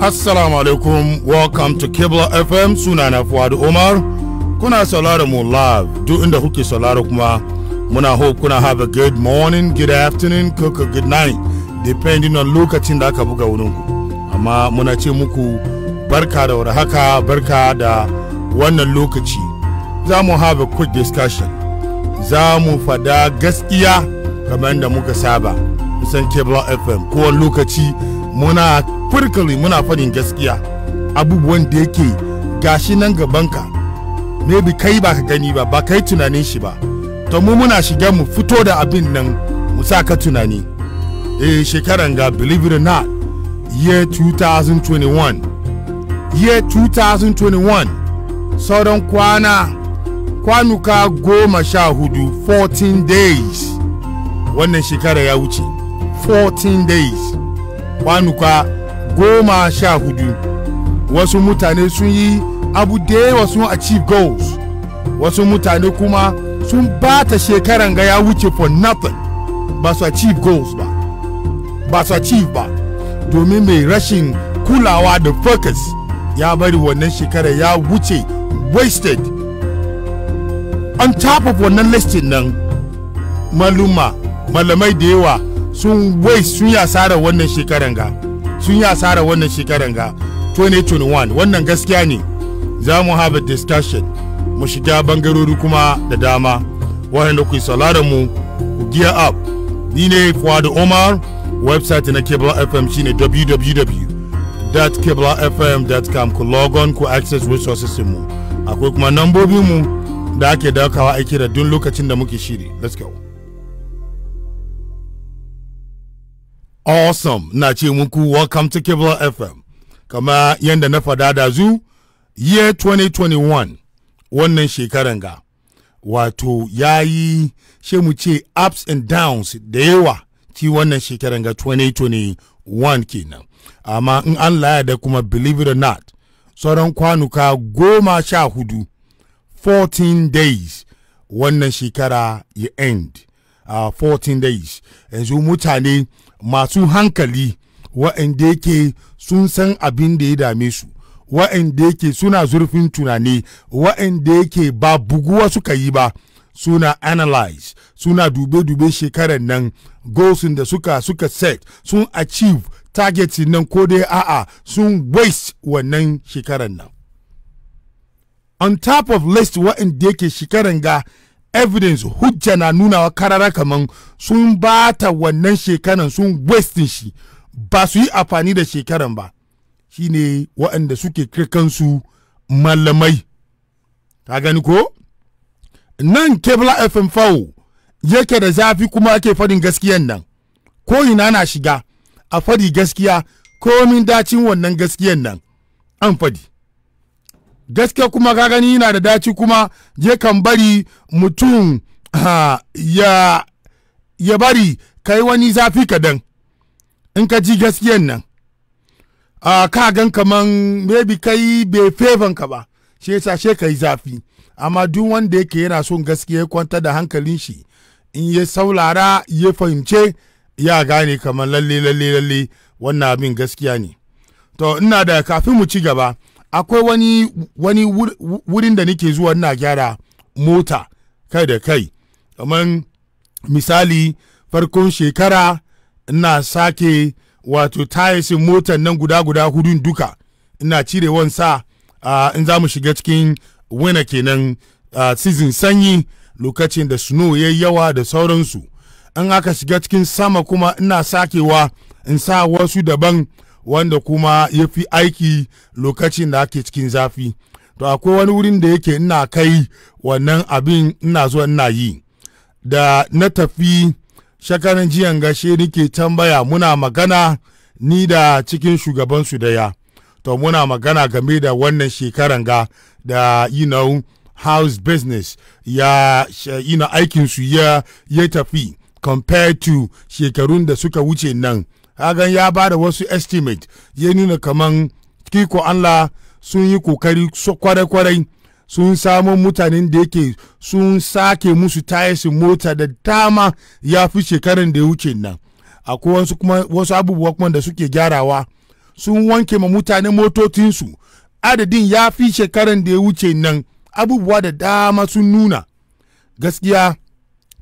Assalamu alaikum, welcome to Kibla FM sunana Fuad Omar. Kuna saurara mu live duk inda kuke saurara kuma muna hope kuna have a good morning, good afternoon, cook a good night depending on lokacin da aka buga wurinku. Amma muna ce muku barka da warhaka, barka da wannan lokaci. Za mu have a quick discussion. Za mu fada gaskiya kamar da muka saba. Kusan Kibla FM kowane lokaci muna firkali muna fadin gaskiya abubuwan da yake gashi nan gabanka maybe kai ba ka gani ba ba kai tunanin shi ba to mu muna shiga mu fito da abin nan mu sa ka tunani eh shekaran ga believe it or not year 2021 year 2021 sauran kwana kwanuka goma sha hudu 14 days wannan shekara ya wuce 14 days kwanuka goma sha hudu wasu mutane sun yi abu da yawa sun achieve goals wasu mutane kuma sun bata shekaran ga ya wuce for nothing ba su achieve goals ba ba su achieve ba domin mai rashin kulawa da focus ya bari wannan shekara ya wuce wasted on top of wannan listin nan maluma malamai da yawa sun wai sun yi asarar wannan shekaran ga sun yi wannan shekaran ga 2021 wannan gaskiya ne za mu have a discussion mu shiga bangarori kuma da dama waɗanda ku sauraron mu ku gear up ni ne Fuad Omar website na Kebla FM shine www.kablafm.com ku log on ku access resources mu akwai kuma nambobin mu da ake dakawa aiki da duk lokacin da muke shiri let's go awesome na ce muku welcome to Kibla FM kama yadda na fada da zu year 2021 wannan shekaran ga wato ya yi mu ce ups and downs da yawa ci wannan shekaran ga 2021 kenan amma in an laya da kuma believe it or not sauran kwanuka goma sha hudu 14 days wannan shekara ya end uh, ah, 14 days yanzu mutane masu hankali wa'anda yake sun san abin da ya dame su wa'anda yake suna zurfin tunani wa'anda yake ba buguwa suka yi ba suna analyze suna dube-dube shekaran nan goals da suka suka set sun achieve target nan ko dai a'a sun waste wannan shekarar nan on top of list wa'anda yake shekaran ga evidence hujja na nuna wa karara kaman sun bata wannan shekaran sun waste shi ba su yi amfani da shekaran ba shine waɗanda suke kansu malamai ta gani ko nan kebla fm fawo yake da zafi kuma ake fadin gaskiyan nan ko ina na shiga a fadi gaskiya komin dacin wannan gaskiyan nan an fadi gaske kuma ka gani yana da daci kuma je kan bari mutum ya bari kai wani zafi kadan in ka ji gaskiyan nan a ka gan kaman maybe kai bai fefan ka ba shi yasa she kai zafi amma duk wanda yake yana son gaskiya ya kwanta da hankalin shi in ya saulara ya fahimce ya gane kaman lalle lalle lalle wannan abin gaskiya ne to ina da kafin mu ci gaba akwai wani wani wurin da nake zuwa ina gyara mota kai da kai kamar misali farkon shekara ina sake wato tayasin motar nan guda guda hudu duka ina cire wansa in za mu shiga cikin wena kenan season sanyi lokacin da snow ya yawa da sauransu in aka shiga cikin sama kuma ina sakewa in sa wasu daban wanda kuma ya fi aiki lokacin da ake cikin zafi to akwai wani wurin da yake ina kai wannan abin ina zuwa ina yi da na tafi shakaran jiyan gashe nike tambaya muna magana ni da cikin shugabansu daya to muna magana game da wannan shekaran ga da you know house business ya you know, aikinsu ya, ya tafi compared to shekarun da suka wuce nan kagan ya ba da wasu estimate ya nuna kaman kiko Allah sun yi kokari kwarai-kwarai sun samu mutanen da yake sun sake musu tayasin mota da dama ya fi shekaran da ya wuce nan akwai wasu abubuwa kuma da suke gyarawa sun wanke ma mutane motocinsu adadin ya fi shekaran da ya wuce nan abubuwa da dama sun nuna gaskiya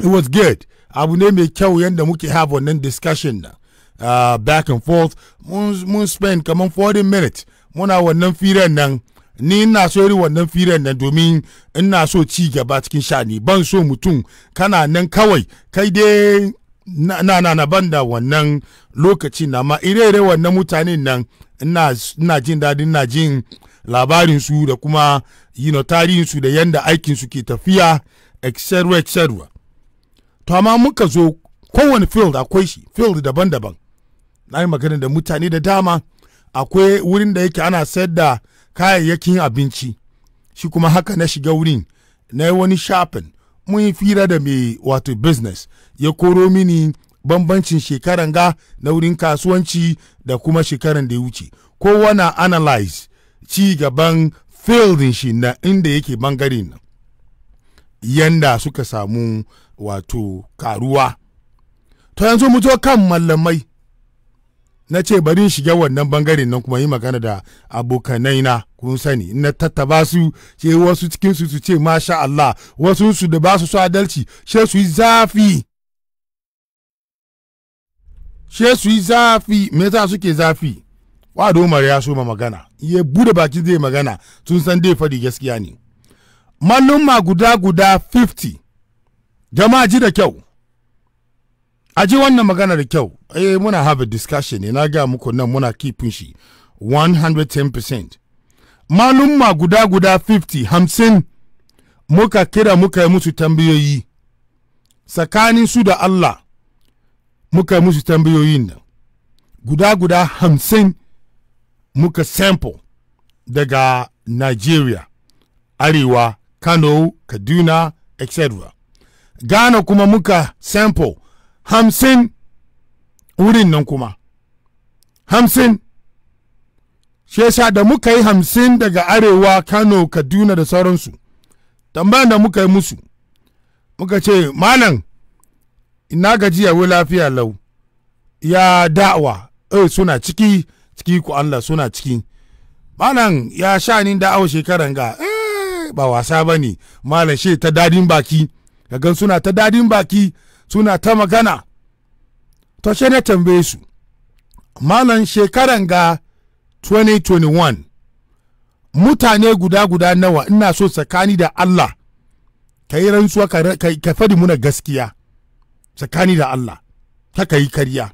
it was good abu ne mai kyau yadda muke have wannan discussion nan Uh, back and forth mun spend kaman 40 minutes muna wannan firen nan ni ina so iri wannan firen nan domin ina so ci gaba cikin shani ban so mutum kana nan kawai kai dai na na na, ban da wannan lokaci na ma ire-ire wannan mutanen nan ina jin daɗi ina jin labarin su da kuma yi know, tarihin su da yanda aikin su ke tafiya etc to amma muka zo kowane field akwai shi field daban-daban na yi magana da mutane da dama akwai wurin da yake ana sayar da kayayyakin abinci shi kuma haka na shiga wurin na yi wani shafin mun yi fira da mai wato business ya koro mini bambancin shekaran ga na wurin kasuwanci da kuma shekaran da ya wuce kowa na analyze ci gaban fieldin shi na inda yake bangare nan yanda suka samu wato karuwa to yanzu mu zo kan mallamai na ce bari shiga wannan bangaren nan kuma yi magana da abokanai na kun sani na tattaba su ce wasu cikin su su ce masha Allah wasu su da ba su so adalci she su yi zafi she su yi zafi me yasa suke zafi wado ya so ma magana ya bude baki zai magana sun san dai fadi gaskiya ne ma guda guda 50 jama'a ji da kyau a ji wannan magana da kyau eh muna have a discussion ne na ga muku nan muna kifin shi 110% malumma guda guda 50 hamsin muka kira muka yi musu tambayoyi tsakanin su da Allah muka yi musu tambayoyin nan guda guda hamsin muka sample daga Nigeria arewa Kano Kaduna etc Ghana kuma muka sample hamsin wurin nan kuma hamsin shi yasa da muka yi hamsin daga arewa kano kaduna da sauransu tambayan da muka yi musu muka ce malam ina gajiya yawo lafiya lau ya da'awa eh suna ciki ciki ku Allah suna ciki malam ya sha ni da'awa shekaran ga eh ba wasa ba ne malam shi ta dadin baki gan suna ta dadin baki suna ta magana to sai na tambaye su malam shekaran ga 2021 mutane guda guda nawa ina so tsakani da Allah ka yi rantsuwa ka fadi muna gaskiya tsakani da Allah ka yi karya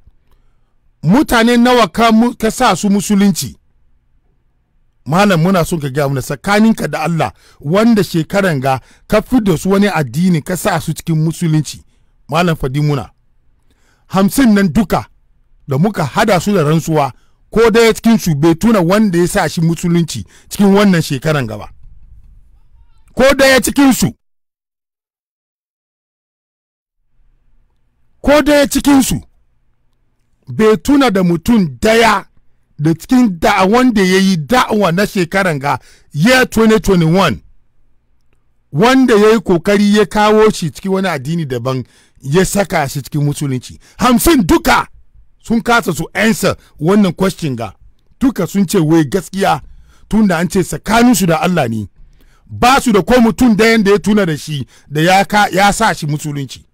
mutane nawa ka sa su musulunci malam muna son ka gaya mana tsakaninka da Allah wanda shekaran ga ka fi da su wani addini ka sa su cikin musulunci malam fadimuna hamsin nan duka da muka hada su da rantsuwa ko daya cikin su bai tuna wanda ya sa shi musulunci cikin wannan shekaran gaba ko daya cikin su ko daya cikin su bai tuna da mutum daya da cikin wanda wanda ya yi da'awa na shekaran ga year 2021 wanda ya yi kokari ya kawo shi cikin wani addini daban ya saka shi cikin musulunci hamsin duka sun kasa su ansa wannan question ga duka sun ce wai gaskiya tun da an ce tsakaninsu da Allah ne ba su da ko mutum dayan da ya tuna da shi da ya, sa shi musulunci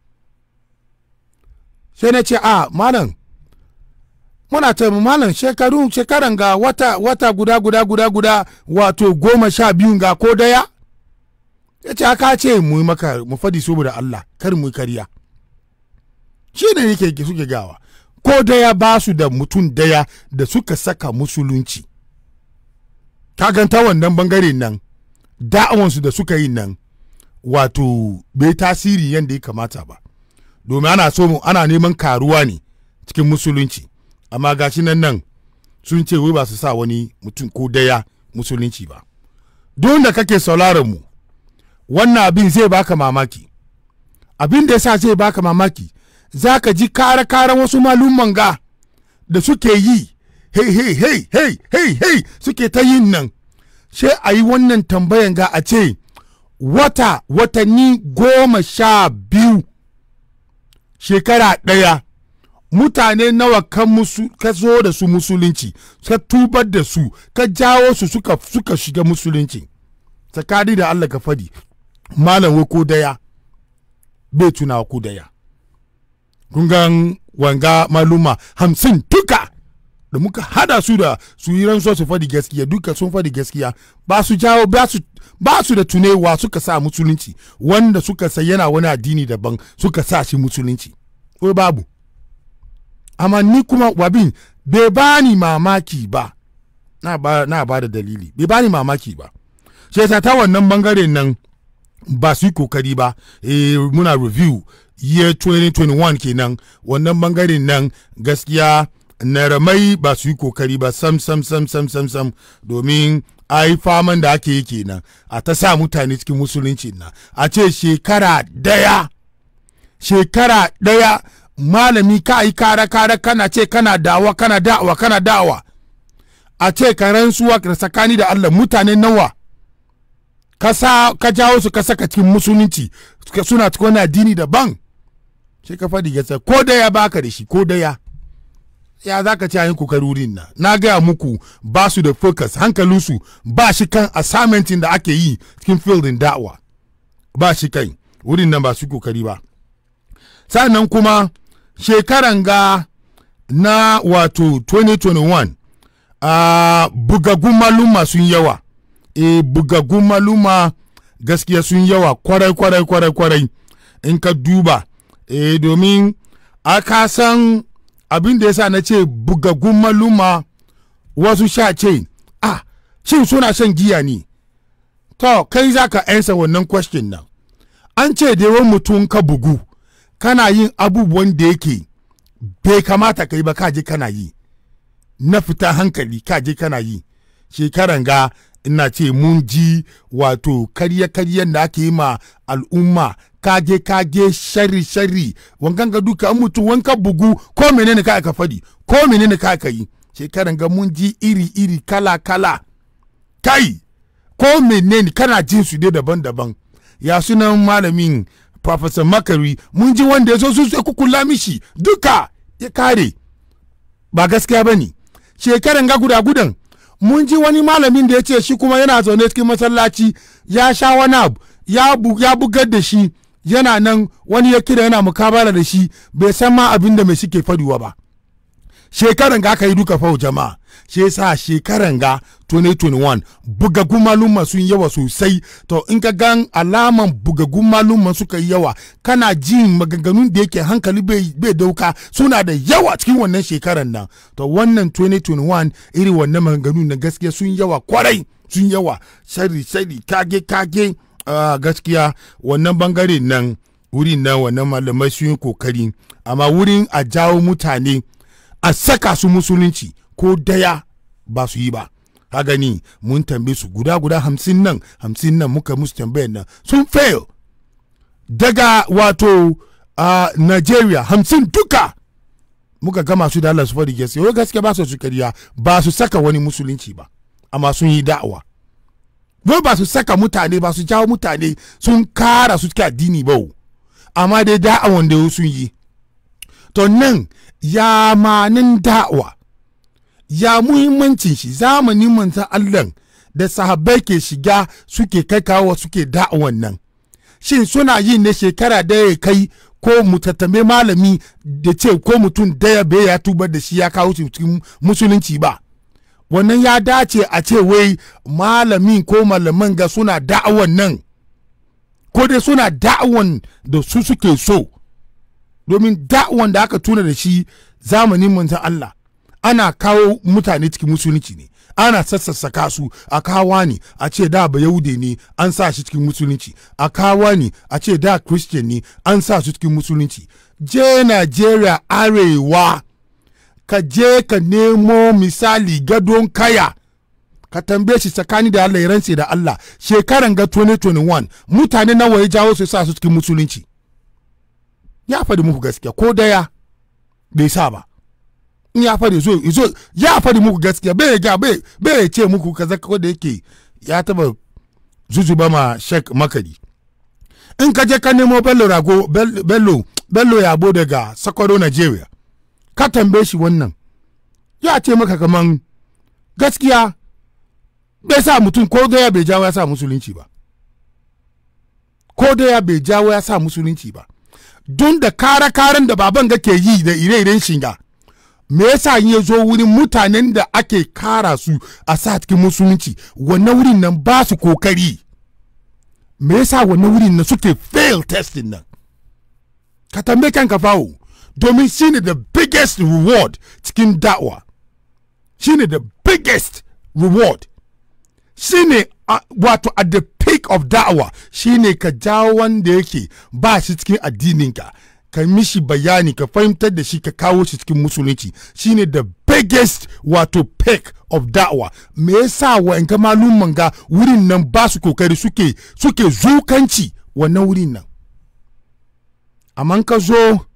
sai na ce a malam muna ta malam shekaru shekaran ga wata wata guda guda guda guda wato goma sha biyun ga ko daya ya ce aka ce mu maka mu fadi saboda Allah kar mu karya shi ne yake suke gawa ko daya ba su da mutum daya da suka saka musulunci kaganta wannan bangare nan da'awansu da suka yi nan wato bai tasiri yadda ya kamata ba domin ana so ana neman karuwa ne cikin musulunci amma gashi nan nan sun ce wai ba su sa wani mutum ko daya musulunci ba don da kake sauraron mu wannan abin zai baka mamaki abin da ya sa zai baka mamaki za ka ji kare-kare wasu malumman ga da suke yi hey hey hey hey hey hey suke ta yin nan sai a yi wannan tambayan ga a ce wata watanni goma sha biyu shekara ɗaya mutane nawa ka, zo da su musulunci ka tubar da su ka jawo su suka, shiga musulunci tsakani da allah ka fadi malam ko daya bai tuna ku daya gungan wanga maluma hamsin duka da muka hada su da su yi su fadi gaskiya duka sun fadi gaskiya ba su jawo ba su da tunewa suka sa musulunci wanda suka sa yana wani addini daban suka sa shi musulunci ko babu amma ni kuma wabin bai bani mamaki ba na ba, da dalili bai bani mamaki ba sai ta wannan bangare nan ba su yi kokari ba eh muna review year 2021 kenan wannan bangaren nan gaskiya na ramai ba su yi kokari ba sam sam sam sam sam sam domin yi faman da ake yi kenan a ta sa mutane cikin musulunci na a ce shekara daya shekara daya malami ka yi kara kara kana ce kana dawa kana dawa kana dawa a ce ka rantsuwa tsakani da Allah mutane nawa ka jawo su ka saka cikin musulunci suna cikin wani addini daban sai ka faɗi gasa ko daya baka da shi ko daya ya za ka ci a yin kukarurin na na gaya muku ba su da focus hankalinsu ba shi kan assignmentin da ake yi cikin fieldin da'awa ba shi kai wurin nan ba su kokari ba sannan kuma shekaran ga na wato 2021 a bugagun maluma sun yawa e bugagun maluma gaskiya sun yawa kwarai kwarai kwarai kwarai in ka duba eh domin a ka san abin da ya sa na ce bugagun maluma wasu sha ce a ah, shin suna shan giya ne to kai za ka ansa wannan question nan an ce da yawan mutum ka bugu kana yin abubuwan da yake bai kamata ka yi ba kaje kana yi na fita hankali kaje kana yi shekaran ga ina ce mun ji wato karye-karyen da ake yi ma al'umma kaje kaje shari shari wankan ga duka an mutum wanka bugu ko menene ka aka fadi ko menene ka aka yi shekaran ga mun ji iri iri kala kala kai ko menene kana jin su dai daban-daban ya sunan malamin Professor Makari mun ji wanda ya zo su sai kukula mishi duka ya kare ba gaskiya bane shekaran ga guda gudan mun ji wani malamin da ya ce shi kuma yana zaune cikin masallaci ya sha wani abu ya bugar da shi yana nan wani ya kira yana mukabala da shi bai san ma abin da mai ke faduwa ba shekaran ga aka yi duka fau jama'a shi yasa shekaran ga 2021 bugagun maluma sun yawa sosai to in ka gan alaman bugagun maluma suka yi yawa kana jin maganganun da yake hankali bai dauka suna da yawa cikin wannan shekaran nan to wannan 2021 iri wannan maganganun na gaskiya sun yawa kwarai sun yawa shari shari kage kage gaskiya wannan bangare nan wurin nan wannan malamai sun yi kokari amma wurin a jawo mutane a saka su musulunci ko daya ba su yi ba ka gani mun tambaye su guda guda hamsin nan hamsin nan muka musu tambayar nan sun fail daga wato a nigeria hamsin duka muka gama su da allah su faɗi gaskiya wai gaskiya ba su su kariya ba su saka wani musulunci ba amma sun yi da'awa ba ba su saka mutane ba su jawo mutane sun kara su cikin addini ba amma dai da'a wanda sun yi to nan ya manin da'awa ya muhimmancin shi zamanin manzan Allah da sahabbai ke shiga suke kai kawo suke da'awan nan shin suna yin na shekara da ya kai ko mutattame malami da ce ko mutum daya bai ya tuba da shi ya kawo cikin musulunci ba wannan ya dace a ce wai malamin ko malaman ga suna da'awan nan ko dai suna da'awan da su suke so domin da'awan da aka tuna da shi zamanin manzan Allah ana kawo mutane cikin musulunci ne ana sassassaka su a kawa ne a ce da ba yahude ne an sa shi cikin musulunci a kawa ne a ce da christian ne an sa su cikin musulunci je najeriya arewa ka je ka nemo misali gadon kaya ka tambaye shi tsakani da Allah ya rantse da Allah shekaran ga 2021 mutane nawa ya jawo su sa su cikin musulunci ya faɗi muku gaskiya ko daya bai sa ba in ya faɗi zo zo ya faɗi muku gaskiya bai ga bai bai ce muku kaza ko da yake ya taba zuzuba ma shek makari in ka je ka nemo bello rago bello bello yabo daga sakwaro nigeria ka tambaye shi wannan ya ce maka kaman gaskiya bai sa mutum ko da ya bai jawo ya sa musulunci ba ko da ya bai jawo ya sa musulunci ba don da kare-karen da baban ga ke yi da ire-iren shiga me yasa in ya zo wurin mutanen da ake kara su a sa cikin musulunci wannan wurin nan ba su kokari me yasa wannan wurin nan suke fail testing nan ka tambaye kanka fawo domin shine the biggest reward cikin da'wa shine the biggest reward shine uh, wato at the peak of da'wa shine ka jawo wanda yake ba shi cikin addininka ka mishi bayani ka fahimtar da shi ka kawo shi cikin musulunci shine the biggest wato peak of da'wa me yasa wa'anka malumman ga wurin nan ba su kokari suke suke zukanci wannan wurin nan amma ka zo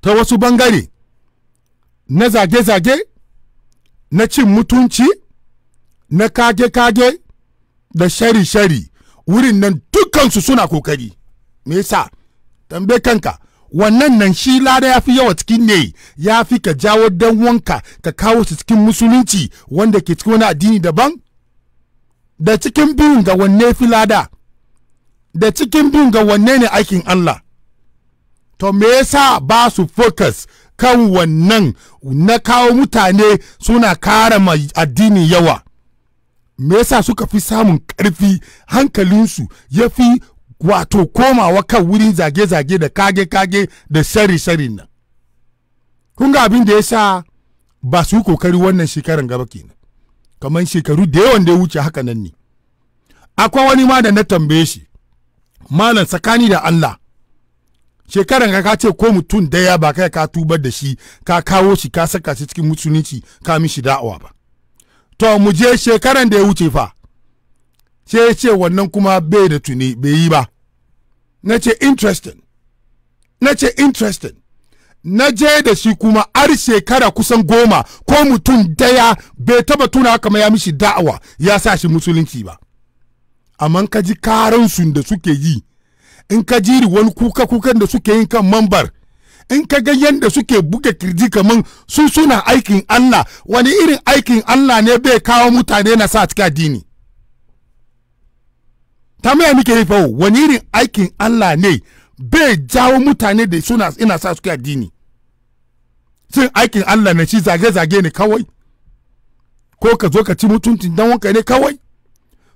ta wasu bangare na zage-zage na cin mutunci na kage-kage da shari-shari wurin nan dukansu suna kokari me yasa tambe kanka wannan nan shi lada ya fi yawa cikin ne ya fi ka jawo dan wanka ka kawo su cikin musulunci wanda ke cikin wani addini daban da cikin biyun ga wanne fi lada da cikin biyun ga wanne ne aikin Allah to me yasa ba su focus kan wannan na kawo mutane suna kara ma addini yawa me yasa suka fi samun karfi hankalinsu ya fi wato komawa kan wurin zage-zage da kage-kage da shari-shari nan kun ga abin da ya sa ba su yi kokari wannan shekaran gaba kenan kamar shekaru da yawan da ya wuce haka nan ne akwai wani ma da na tambaye shi malam tsakani da allah shekaran ka ka ce ko mutum daya ba kai ka tubar da shi ka kawo shi ka saka shi cikin musulunci ka mishi da'awa ba to mu je shekaran da ya wuce fa sai ya ce wannan kuma bai da tuni bai yi ba na ce interesting na ce interesting na je da shi kuma har shekara kusan goma ko mutum daya bai taba tuna ma ya mishi da'awa ya sa shi musulunci ba amma ka ji karansu da suke yi in ka jiri wani kuka kukan da suke yin kan mambar in ka ga yadda suke buga kirji kaman sun suna aikin Allah wani irin aikin Allah ne bai kawo mutane na sa cikin addini ta maya muke yi fawo wani irin aikin Allah ne bai jawo mutane da suna ina sa cikin addini sun aikin Allah na shi zage-zage ne kawai ko ka zo ka ci mutuncin dan wanka ne kawai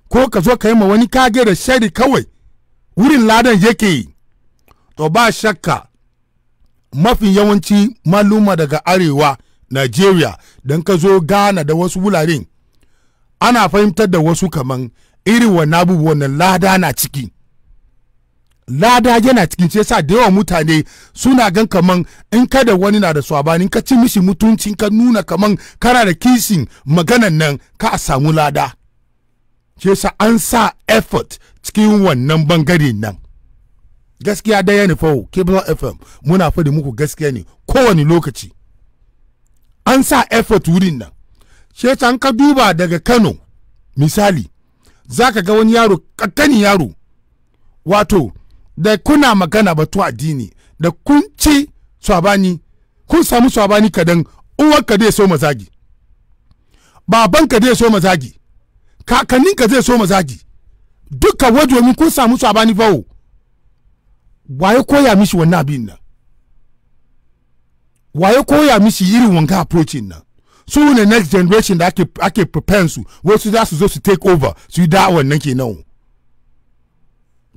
ko ka zo ka yi ma wani kage da shari kawai wurin ladan yake yi to ba shakka mafi yawanci maluma daga arewa Najeriya don ka zo Ghana da wasu wularin ana fahimtar da wasu kaman irin wannan abubuwan nan lada na ciki lada yana cikin ce sa da yawan mutane suna gan kaman in ka da wani na da swabani ka ci mishi mutunci ka nuna kaman kana da kishin maganan nan ka samu lada shi yasa an sa effort cikin wannan bangare nan gaskiya da ne fawo cable fm muna faɗi muku gaskiya ne kowane lokaci an sa effort wurin nan yasa an ka duba daga kano misali za ka ga wani yaro kakkanin yaro wato da kuna magana batu addini da kun ci swabani kun samu swabani kadan ka dai so mazagi babanka dai so mazagi ka zai so mazaji duka wa domin kun samu sabani bawo waye koya mishi wannan abin nan waye koya mishi irin wanga approaching nan su ne next generation da ake ake preparing su wasu za su zo su take over su yi nan nan kenan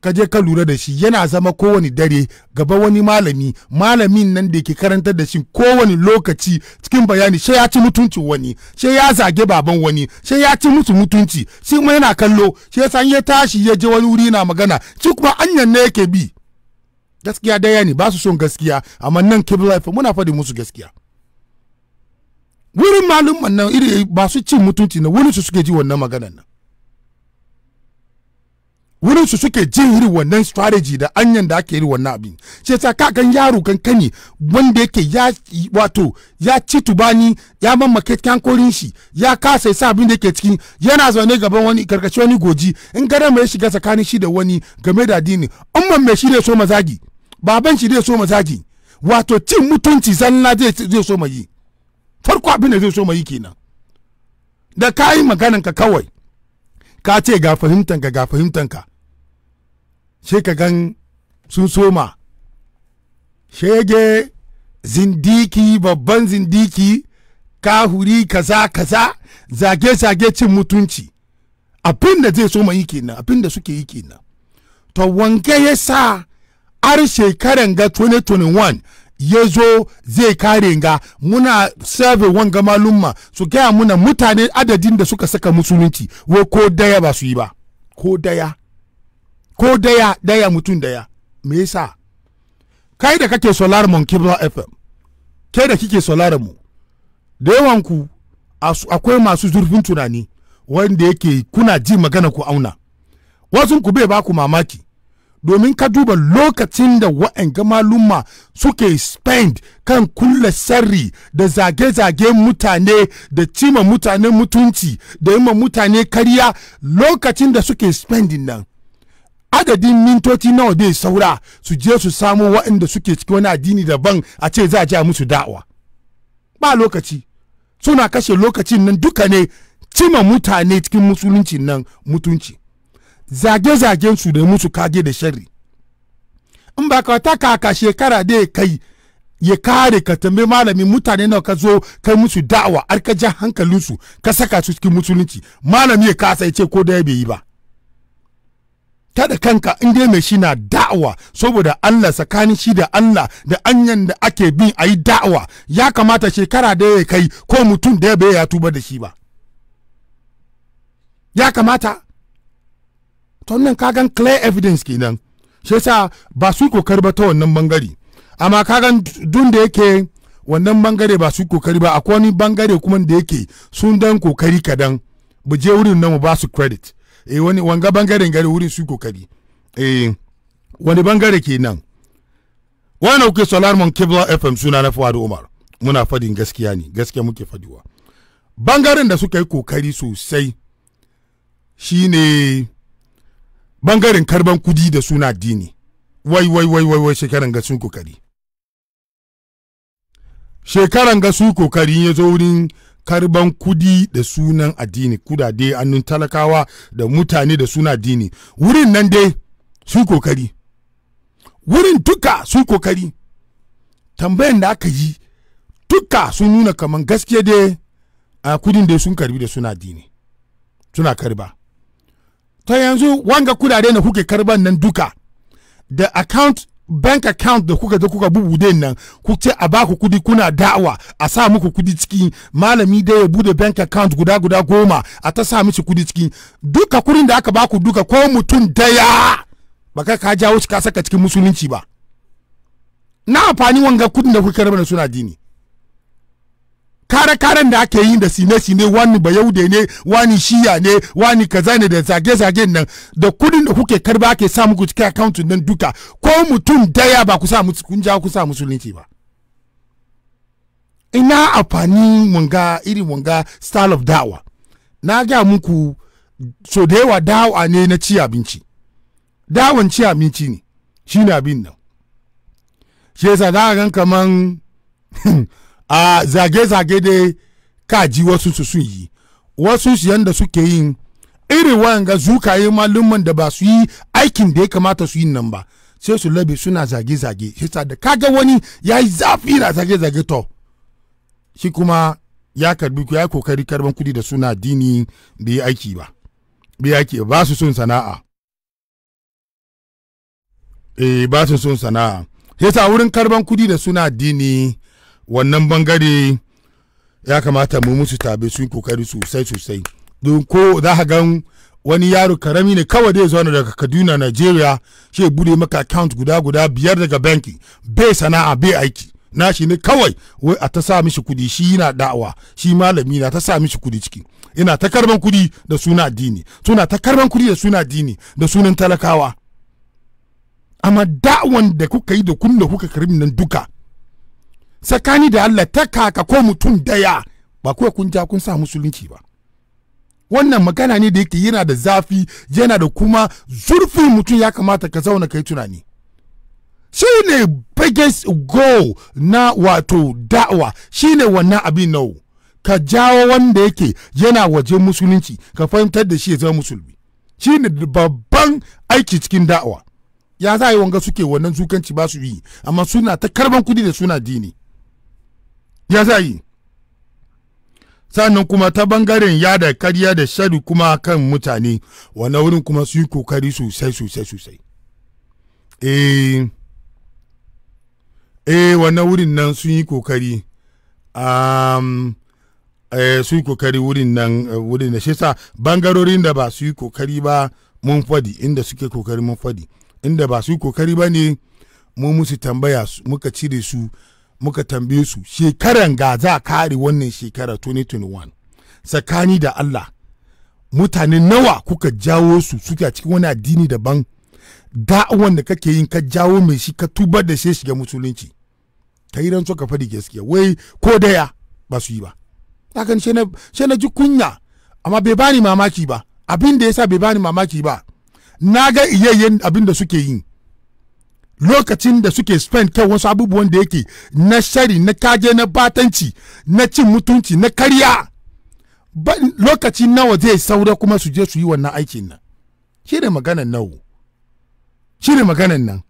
ka je ka lura da shi yana zama kowane dare gaba wani malami malamin nan da ke karantar da shi kowane lokaci cikin bayani sai ya ci mutuncin wani sai ya zage baban wani sai ya ci musu mutunci shi kuma yana kallo sai san ya tashi ya je wani wuri na magana shi kuma anyan ne yake bi gaskiya daya ne ba su son gaskiya amma nan kibla muna faɗi musu gaskiya wurin malumman nan iri ba su cin mutunci na wani su suke ji wannan maganan nan wurin su suke jin irin wannan strategy da anyan da ake yi wannan abin shi yasa ka gan yaro kankani wanda yake ya wato ya ci tubani ya mamake kankorin shi ya kasa sa abin da yake cikin yana zaune gaban wani karkashin wani goji in gare mai shiga tsakanin shi da wani game da addini umman mai shi ne so mazagi baban shi ne so mazagi wato cin mutunci zanna zai so mai yi farko abin da zai so mai yi kenan da kayi maganan ka kawai ka ce ga fahimtanka ga fahimtanka shi ka gan sun soma shege zindiki babban zindiki kahuri kaza kaza zage zage cin mutunci abin da zai soma yi kenan abin da suke yi kenan to wanke ya sa har shekaran ga 2021 ya zo zai kare ga muna survey wanga malumma su gaya muna mutane adadin da suka saka musulunci wai ko daya ba su yi ba ko daya ko daya daya mutum daya me yasa kai da kake solar mon kibla fm kai da kike solar mu da yawan ku akwai masu zurfin tunani wanda yake kuna ji magana ku auna wasu ku bai ba ku mamaki domin ka duba lokacin da wa'anga malumma suke spend kan kulle sarri da zage-zage mutane da cima mutane mutunci da yi mutane kariya. lokacin da suke spending nan adadin mintoci nawa dai saura su je su samu waɗanda suke ciki wani addini daban a ce za a ja musu da'awa ba lokaci suna kashe lokacin nan duka ne cima mutane cikin musulunci nan mutunci zage-zagen su da musu kage da shari in ba ka ta kaka shekara da kai ya kare ka tambayi malami mutane nawa ka zo kai musu da'awa har ka ja su ka saka su cikin musulunci malami ya kasa ya ce ko da ya bai yi ba ta da kanka in dai mai shi na da'awa saboda Allah tsakanin shi da Allah da anyan da ake bin ayi da'awa ya kamata shekara da ya kai ko mutum da ya bai ya tuba da shi ba ya kamata to nan kagan clear evidence kenan shi yasa ba su kokari ba ta wannan bangare amma kagan dun da yake wannan bangare ba su kokari ba akwai wani bangare kuma da yake sun dan kokari kadan bu je wurin nan mu ba su credit eh wani wanga bangaren gari wurin su kokari eh wani bangare kenan wani kuke solar mon kibla fm suna na da umar muna fadin gaskiya ne gaskiya muke fadiwa bangaren da suka yi kokari sosai shine bangaren karban kudi da suna addini wai wai wai wai shekaran ga sun kokari shekaran ga sun kokari ya zo wurin karban kudi da sunan addini kudade annun talakawa da mutane da suna addini wurin nan dai sun kokari wurin tuka sun kokari tambayan da aka yi tuka sun nuna kaman gaskiya dai a kudin da sun karbi da suna addini suna karba ta yanzu wanga kudaden da kuke karban nan duka da account bank account da kuka da kuka bubude nan ku ce a baku kudi kuna da'awa a sa muku kudi ciki malami da ya bude bank account guda guda goma a ta sa miki kudi ciki duka kurin da aka baku duka ko mutum daya baka ka jawo shi ka saka cikin musulunci ba na amfani wanga kudin da kuka karba suna dini kare-karen da ake yi da sine-sine wani bayaude ne wani shiya ne wani kaza ne da zage-zage nan da kudin da kuke karba ake sa muku cikin account nan duka ko mutum daya ba ku sa kun ja ku sa musulunci ba ina amfani wanga irin wanga style of dawa na ga muku so da yawa dawa ne na ci abinci dawan ci abinci ne shi na abin nan shi yasa za a gan kaman a zage-zage dai ka ji wasu su sun yi wasu su yanda suke yin irin wanga zukaye malumman da ba su yi aikin da ya kamata su yi nan ba sai su labe suna zage-zage hisa da kaga wani ya yi zafi na zage-zage to shi kuma ya karbi ya yi kokari karban kudi da suna dini bai yi aiki ba bai aiki ba su sun sana'a eh ba su sun sana'a yasa wurin karban kudi da suna dini wannan bangare ya kamata mu musu tabe sun kokari sosai sosai don ko za ka gan wani yaro karami ne kawai da ya zauna daga kaduna nigeria shi ya bude maka account guda guda biyar daga banki bai sana'a bai aiki na shi ne kawai wai a ta sa mishi kudi shi yana da'awa shi malami na ta sa mishi kudi ciki ina ta karban kudi da suna addini suna ta karban kudi da suna addini da sunan talakawa amma da'awan da kuka yi da kun kuka karbi nan duka tsakani da Allah ta kaka ko mutum daya ba kuwa kun ja kun sa musulunci ba wannan magana ne da yake yana da zafi yana da kuma zurfi mutum ya kamata ka zauna kai tunani shi ne biggest goal na wato da'wa shine wannan abin nau ka jawo wanda yake yana waje musulunci ka fahimtar da shi ya zama musulmi shine babban aiki cikin da'wa ya za a yi wanga suke wannan zukanci ba su yi amma suna ta karban kudi da suna dini ya sa yi sannan kuma ta bangaren da karya da shari kuma kan mutane wannan wurin kuma su yi kokari sosai sosai sosai eh, eh wannan wurin nan sun yi kokari eh, su yi kokari wurin nan eh, wurin da shi sa bangarorin da ba su yi kokari ba mun fadi inda suke kokari mun fadi inda ba su yi kokari ba ne mun musu tambaya muka cire su muka tambaye su shekaran ga za kare wannan shekara 2021 tsakani da Allah mutane nawa kuka jawo su suke cikin wani addini daban da'awan da kake yin ka jawo mai shi ka tubar da shi shiga musulunci ka yi ka faɗi gaskiya wai ko daya ba su yi ba hakan shi na ji kunya amma bai bani mamaki ba abin da ya sa bai bani mamaki ba na ga iyayen abin da suke yi lokacin da suke spend kyau wasu abubuwan da yake na shari na kaje na batanci na cin mutunci na karya lokaci nawa zai saura kuma su je su yi wannan aikin nan shi ne maganan nawo shi ne maganan nan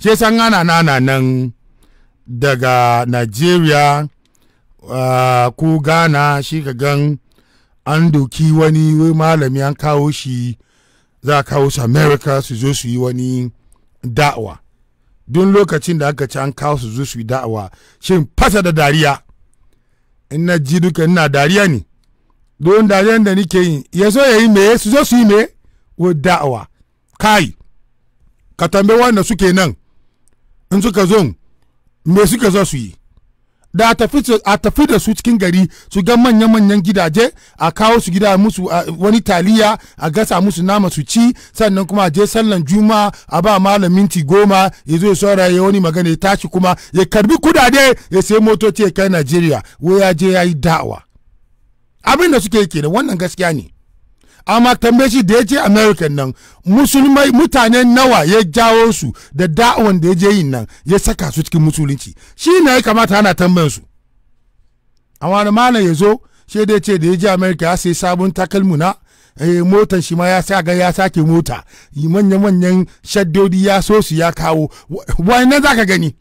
sai san ana nana nan daga nigeria ah, ko ghana shi ka gan an doki wani malami an kawo shi za a kawo su america su zo su yi wani da'awa duk lokacin da aka ci an kawo su su yi da'awa shin fasa da dariya in na ji duka ina dariya ne don dariya da nike yi ya so ya yi me su zo su yi me wa da'awa kai ka tambe wanda suke nan in suka zo me suka zo su yi da a tafi da su cikin gari su ga manya-manyan gidaje a kawo su gida musu wani taliya a gasa musu nama su ci sannan kuma a je sallan juma a ba malam minti goma ya zo saura ya wani magana ya tashi kuma ya karbi kudade ya sayi motoci ya kai najeriya wai ya je ya yi da'awa abin da suke kenan wannan gaskiya ne amma tambaye shi da ya je american nan musulmai mutane nawa ya jawo su da da'awan da ya je yin nan ya saka su cikin musulunci shi na ya kamata ana tambayan su amma wani malam ya zo shi da ya ce da ya je america ya sai sabon takalmuna eh, motan shi ma ya sa ga ya sake mota manya-manyan shaddodi ya so su ya kawo nan za ka gani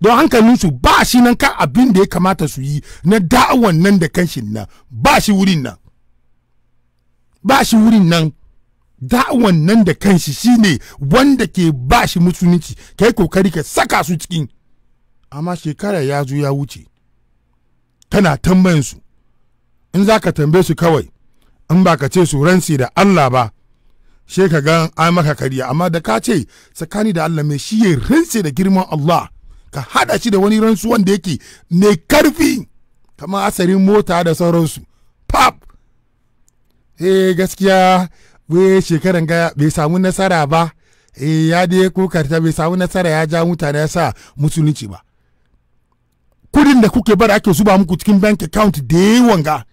don hankalin su ba shi nan ka abin da ya kamata su yi na da'awan nan da kanshin nan ba shi wurin nan ba shi wurin nan da'awan nan da kanshi shine wanda ke ba shi musulunci kai kokari ka saka su cikin amma shekara ya zo ya wuce kana tambayin su in za ka tambaye su kawai in ba ka ce su ransi da Allah ba she ka ga ai maka kariya amma da ka ce tsakani da Allah mai shi ya ransi da girman Allah ka hada shi da wani ransu wanda yake mai karfi kamar asarin mota da sauransu pap eh gaskiya wai shekaran ga bai samu nasara ba eh ya dai kokarta bai samu nasara ya ja mutane ya sa musulunci ba kudin da kuke bar ake zuba muku cikin bank account da yawan ga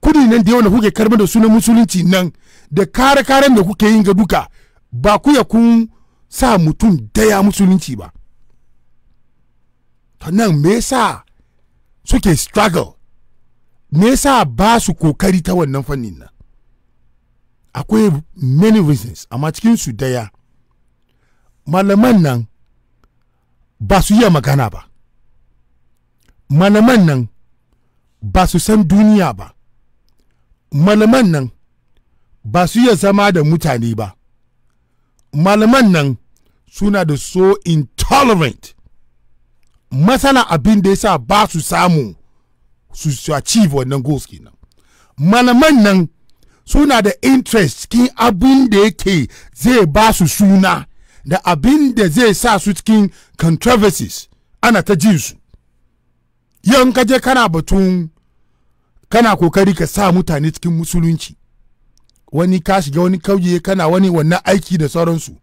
kudi nan da yawan da kuke karbar da sunan musulunci nan da kare karen da kuke yin ga duka ba ku ya kun sa mutum daya musulunci ba nan me yasa suke struggle me yasa ba su kokari ta wannan fannin na akwai many reasons amma cikin su daya malaman nan ba su iya magana ba malaman nan ba su san duniya ba malaman nan ba su iya zama da mutane ba malaman nan suna da so intolerant matsala abin da yasa ba su samu su su achieve wannan goals kenan malaman nan suna da interest cikin abin da yake zai ba su suna da abin da zai sa su cikin controversies ana ta jin su yan kaje kana batun kana kokari ka sa mutane cikin musulunci wani ka shiga wani kauye kana wani wannan aiki da sauransu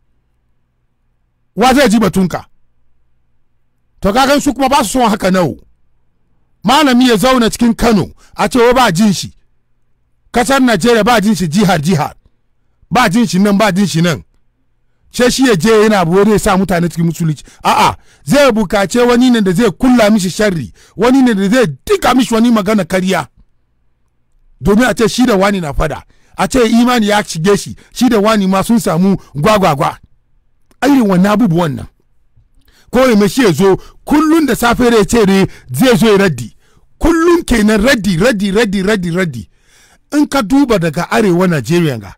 wa zai ji batunka to kagan su kuma ba su son haka nau malami ya zauna cikin kano a cewa ba jin shi kasar najeriya ba jin shi jihar jihar ba jin shi nan ba jin shi nan ce shi ya je yana abu ya sa mutane cikin musulunci a'a zai bukace wani ne da zai kulla mishi sharri wani ne da zai dika mishi wani magana karya domin a ce shi da wani na fada a ce imani ya shige shi shi da wani ma sun samu gwagwagwa irin wannan abubuwan nan ko ya mashi ya zo kullum da safe ya ce ne zai zo ya raddi kullum kenan raddi raddi raddi raddi raddi in ka duba daga arewa najeriya ga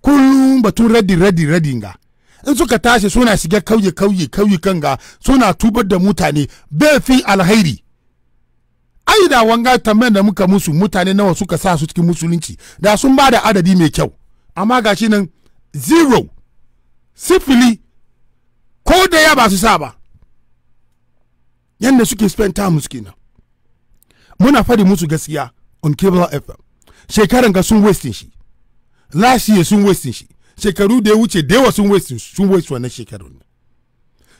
kullum batun raddi raddi raddi ga in suka tashi suna shiga kauye kauye kauye kan ga suna tubar da mutane bai fi alhairi ai da wanga tambayar da muka musu mutane nawa suka sa su cikin musulunci da sun ba da adadi mai kyau amma gashi nan zero sifili ko da ya ba su sa ba yadda suke spend time su kenan muna fadi musu gaskiya on cable fm shekaran ga sun wasting shi last year sun wasting shi shekaru da ya wuce da yawa sun wasting sun waste wannan shekarun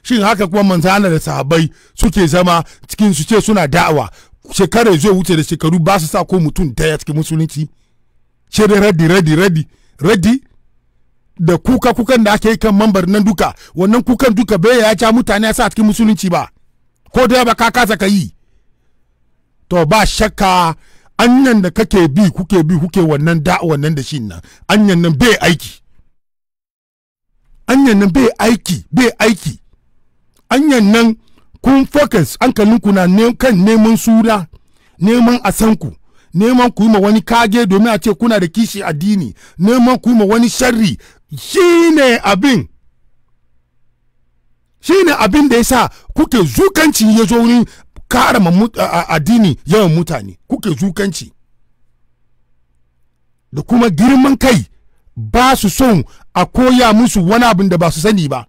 shin haka kuma manzana da sahabbai suke zama cikin su ce suna da'awa shekara zai wuce da shekaru ba su sa ko mutum daya cikin musulunci ce da ready ready ready da kuka kukan da ake yi kan mambar nan duka wannan kukan duka bai ya ja mutane sa cikin musulunci ba ko da ba ka kasa ka yi to ba shakka anyan da kake bi kuke bi kuke wannan da wannan da shi nan anyan nan bai aiki anyan nan bai aiki bai aiki anyan nan kun focus hankalinku na ne, kan neman suna neman asanku neman ku yi ma wani kage domin a ce kuna da kishi addini neman ku yi ma wani sharri shi ne abin da ya sa kuke zukanci ya zo wurin kara addini yawan mutane kuke zukanci da kuma girman kai ba su son a koya musu wani abin da ba su sani ba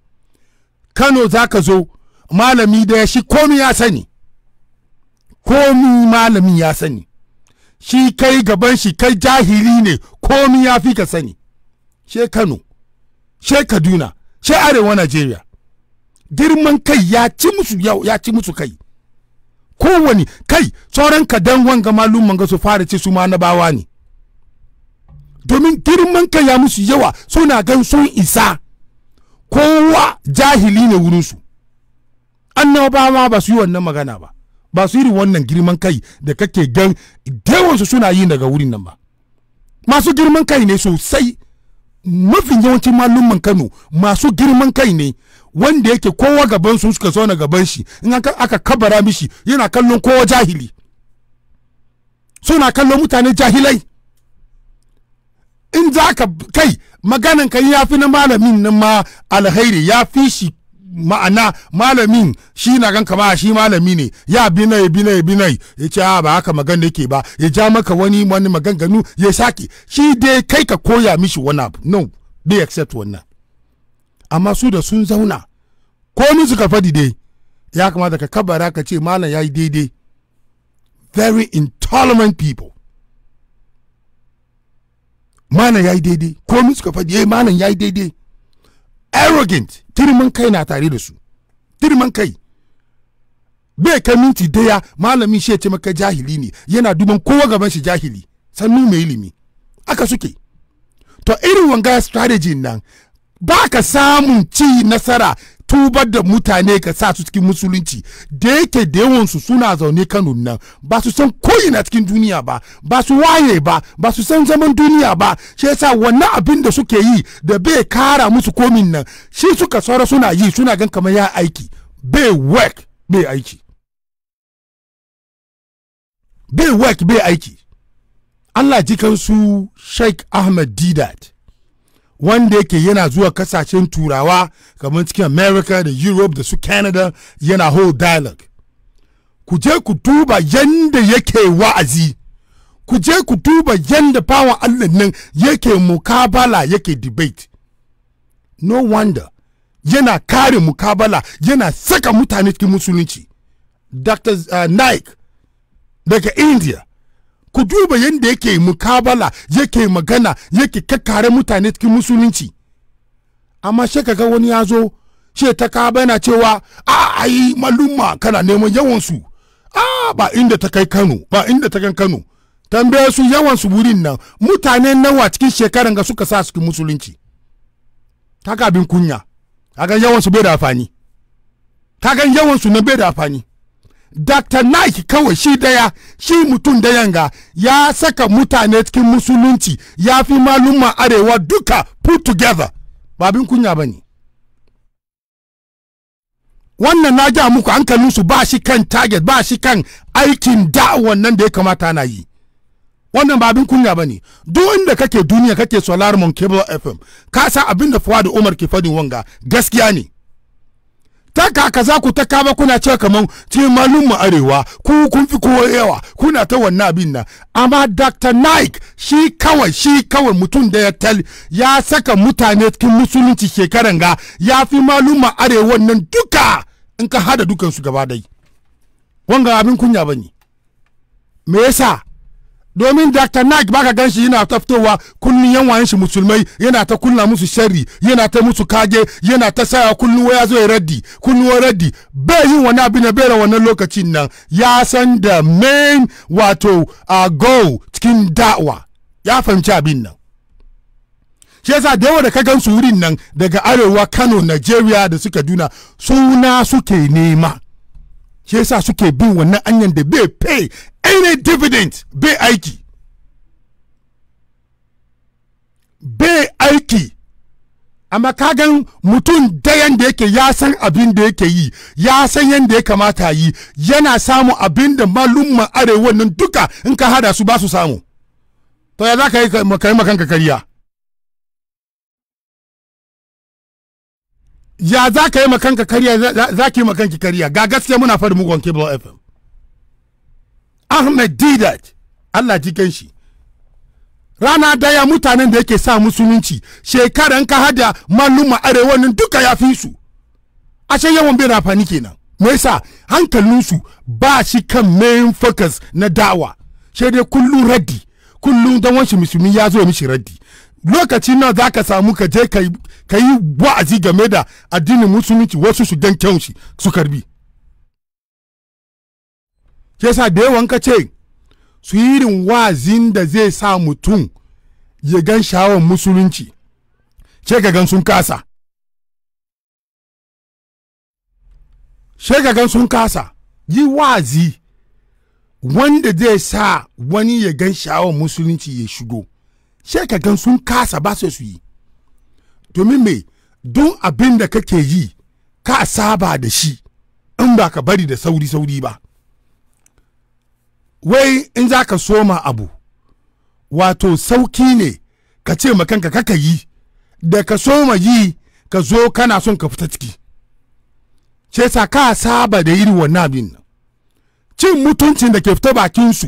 kano za ka zo malami da ya shi komi ya sani komi malami ya sani shi kai gaban shi kai jahili ne komi ya fi ka sani she kano she kaduna she arewa nigeria girman kai ya ci musu ya ci musu kai kowane kai ka dan wanga malumman ga su fara ce su ma na bawa ne domin girman kai ya musu yawa suna gan sun isa kowa jahili ne wurin su wurinsu annabawa ma ba su yi wannan magana ba ba su yi wannan girman kai da kake gan yawansu suna yi daga wurin nan ba masu girman kai ne sosai mafi yawancin malumman kano masu girman kai ne wanda yake kowa gaban su suka zauna gaban shi in aka kabara mishi yana kallon kowa jahili suna kallon mutane jahilai in za ka kai maganan kai yafi na malamin nan ma alheri ya fi shi ma'ana malamin shi na ganka kama shi malami ne ya binai binai binai ya ce ah, ba haka magana yake ba ya ja maka wani wani maganganu ya sake shi dai kai ka koya mishi wani abu no they accept wannan amma su da sun zauna ko ni suka fadi dai ya kamata ka kabara ka ce malam ya yi daidai very intolerant people malam ya yi daidai ko ni suka fadi eh malam ya yi daidai arrogant girman kai na tare da su girman kai bai kai minti daya malamin shi ya ce maka jahili ne yana duban kowa gaban shi jahili sannu mai ilimi aka suke to irin wanga strategy nan ba ka samun ci nasara tubar da mutane ka sa su cikin musulunci da yake da yawansu suna zaune kano nan ba su san koyi na cikin duniya ba ba su waye ba ba su san zaman duniya ba shi yasa wannan abin da suke yi da bai kara musu komin nan shi suka saura suna yi suna gan kamar ya aiki bai work bai aiki bai work bai aiki Allah jikan su Sheikh Ahmed Didat wanda yake yana zuwa kasashen turawa kamar cikin america da europe da su canada yana whole dialogue ku je ku tuba yanda yake wa'azi ku je ku tuba yanda bawan allah nan yake mukabala yake debate no wonder yana kare mukabala yana saka mutane cikin musulunci dr uh, naik daga india ku duba yadda yake mukabala yake magana yake kakkare mutane cikin musulunci amma shi kaga wani ya zo shi ta kaba yana cewa a ayi malumma kana neman yawansu a ba inda ta kai kano ba inda ta kan kano tambaye su yawansu wurin nan mutane nawa cikin shekaran ga suka sa cikin musulunci kaga abin kunya kaga yawansu bai da afani kaga yawansu na bai da afani Dr. Nike kawai shi daya shi mutum da yanga ya saka mutane cikin musulunci ya fi malumma arewa duka put together babin kunya ba ne wannan na ja muku hankalinsu ba shi kan target ba shi kan aikin da'awan nan da ya kamata na yi wannan ba kunya ba ne duk inda kake duniya kake solar mon cable fm ka sa abin da fuwa da umar ke fadin wanga gaskiya ne ta ka za ku ta kama kuna cewa kaman cikin malum mu arewa ku kun fi kowa yawa kuna ta wannan abin nan amma dr naik shi kawai shi kawai mutum da ya tal ya saka mutane cikin musulunci shekaran ga ya fi malum mu arewa nan duka in ka hada dukansu gaba dai wanga abin kunya bane me yasa domin dr nak baka gan shi yana ta fitowa kunnin yan shi musulmai yana ta kunna musu sharri yana ta musu kage yana ta saya kunnuwa ya zo ya raddi waya raddi bai yin wani abin na bera wannan lokacin nan ya san da main wato a go cikin da'wa ya fahimci abin nan shi yasa da yawa da ka gan su wurin nan daga arewa kano nigeria da suka duna suna suke nema shi yasa suke bin wannan anyan da bai pay any dividend bai aiki bai aiki amma gan mutum dayan da yake ya san abin da yake yi ya san yadda ya kamata yi yana samu abin da malumma arewa nan duka in ka hada su ba su samu to ya za ka yi makanka kariya ya za ka yi makanka kariya za ki makanki kariya ga gaskiya muna fari mugon cable fm ahmed didat allah jikan shi rana daya mutanen da yake sa musulunci shekaran ka hada maluma arewa nan duka ya fi su ashe yawan bai rafani kenan me yasa hankalinsu ba shi kan main focus na dawa sai dai kullum raddi kullum dan wanshi musulmi ya zo mishi raddi lokaci na za ka samu ka je ka yi wa'azi game da addinin musulunci wasu su dan kyau su karbi ke da yawan ka ce su yi irin wazin da zai sa mutum ya gan shawon musulunci ce ga gan sun kasa gan sun kasa yi wazi wanda zai sa wani ya gan sha'awar musulunci ya shigo gan sun kasa ba su yi domin mai don abin da kake yi ka saba da shi in ba ka bari da sauri-sauri ba wai in za ka soma abu wato sauki ne ka ce ma kanka kaka yi da ka soma yi ka zo kana son ka fita ciki ce sa ka saba da irin wannan abin cin mutuncin da ke fita su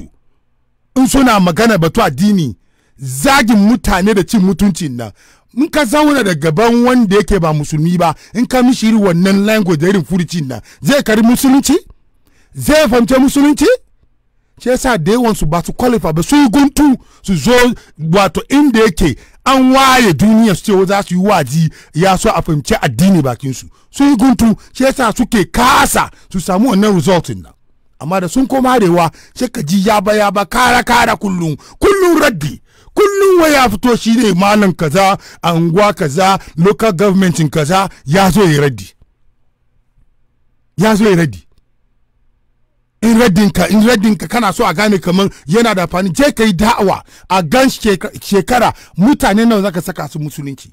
in suna magana batu addini zagin mutane da cin mutuncin nan in ka zauna da gaban wanda yake ba musulmi ba in ka mishi irin wannan language da irin furucin nan zai kari musulunci zai fahimci musulunci shi yasa da yawansu ba su kwalifa ba su yi guntu su zo wato inda yake an waye duniya su ce za su yi waji ya so a fahimci addini bakin su su yi guntu shi yasa suke kasa su samu wannan result nan amma da sun koma arewa sai ka ji ya ba ya ba kara kara kullum kullum raddi kullum wai ya fito shi ne malam kaza anguwa kaza local government kaza ya zo ya raddi ya zo ya raddi in redinka in redinka kana so a gane kamar yana da amfani je ka yi da'awa a gan shekara mutane nawa zaka saka su musulunci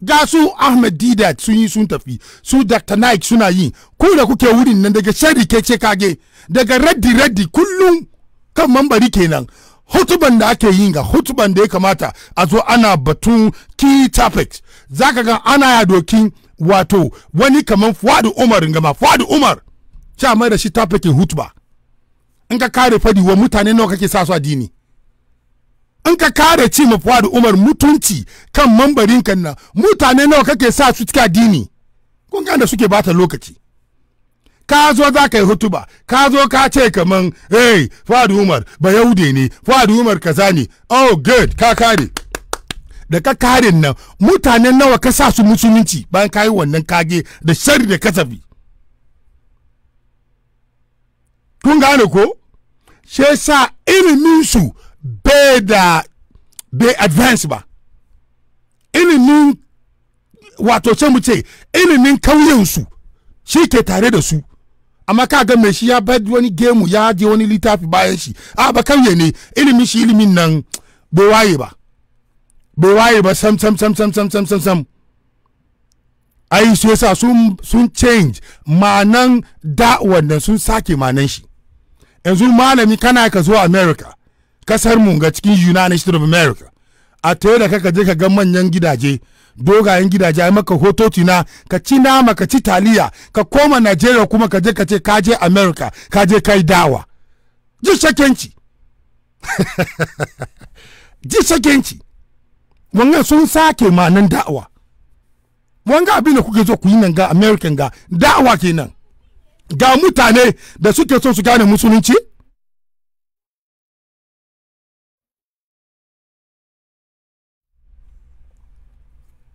ga su ahmed didat sun yi sun tafi su dr naik suna yi ku da kuke wurin nan daga shari ke ce kage daga raddi raddi kullum kan mambari kenan hutuban da ake yi ga hutuban da ya kamata a zo ana batun key topics zaka ga ana ya dokin wato wani kaman fuadu umar gama fuadu umar sha mai da shi tafikin hutuba in ka kare fadi wa mutane nawa kake sa su addini in ka kare ci mafuwa da umar mutunci kan mambarin kan nan mutane nawa kake sa su cikin addini kun da suke bata lokaci ka zo za ka yi hutuba ka zo ka ce kaman hey umar ba yaude ne Fadi umar kaza ne oh good ka kare da ka kare nan mutane nawa ka sa su musulunci bayan ka yi wannan kage da shari da kasafi kun gane ko shi sa iliminsu bai da bai advance ba ilimin wato ce mu ce ilimin kauyensu shi ke tare da su amma ka ga mai shi ya bai wani gemu ya je wani littafi bayan shi a ba kauye ne ilimin shi ilimin nan bai waye ba bai waye ba sam sam sam sam sam sam sam sam ai su yasa sun sun change manan da wannan sun sake manan shi yanzu malami kana ka zo america kasar mu ga cikin united states of america a tare da kaka je ka ga manyan gidaje dogayen gidaje a maka hoto na ka ci nama ka ci taliya ka koma nigeria kuma ka je ka ce ka je america ka je kai dawa ji shakenci ji shakenci wannan sun sake ma nan da'awa wanga abin da kuke zo ku yi nan ga american ga da'awa kenan ga mutane da suke so su gane musulunci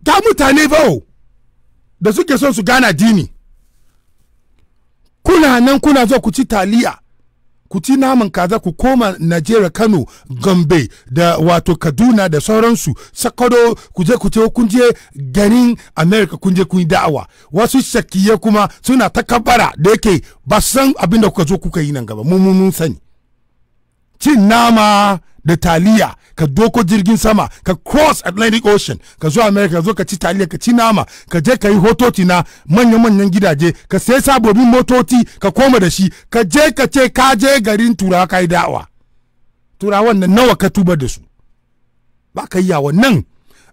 ga mutane bau da suke so su gane dini kuna nan kuna zo ku ci taliya ku ci naman kaza ku koma najeriya kano gombe da wato kaduna da sauransu sakado ku je ku kun je garin america kun je kun da'awa wasu shakkiye kuma suna ta kabara da yake ba san abin da kuka zo kuka yi nan gaba mun sani cin nama da taliya ka doko jirgin sama ka cross atlantic ocean ka zo america ka zo ka ci taliya ka ci nama ka je ka yi hototi na manya-manyan gidaje ka sai sabobin motoci ka koma da shi ka je ka ce ka je garin turawa ka yi da'awa turawan nan nawa ka tuba da su ba ka yi nan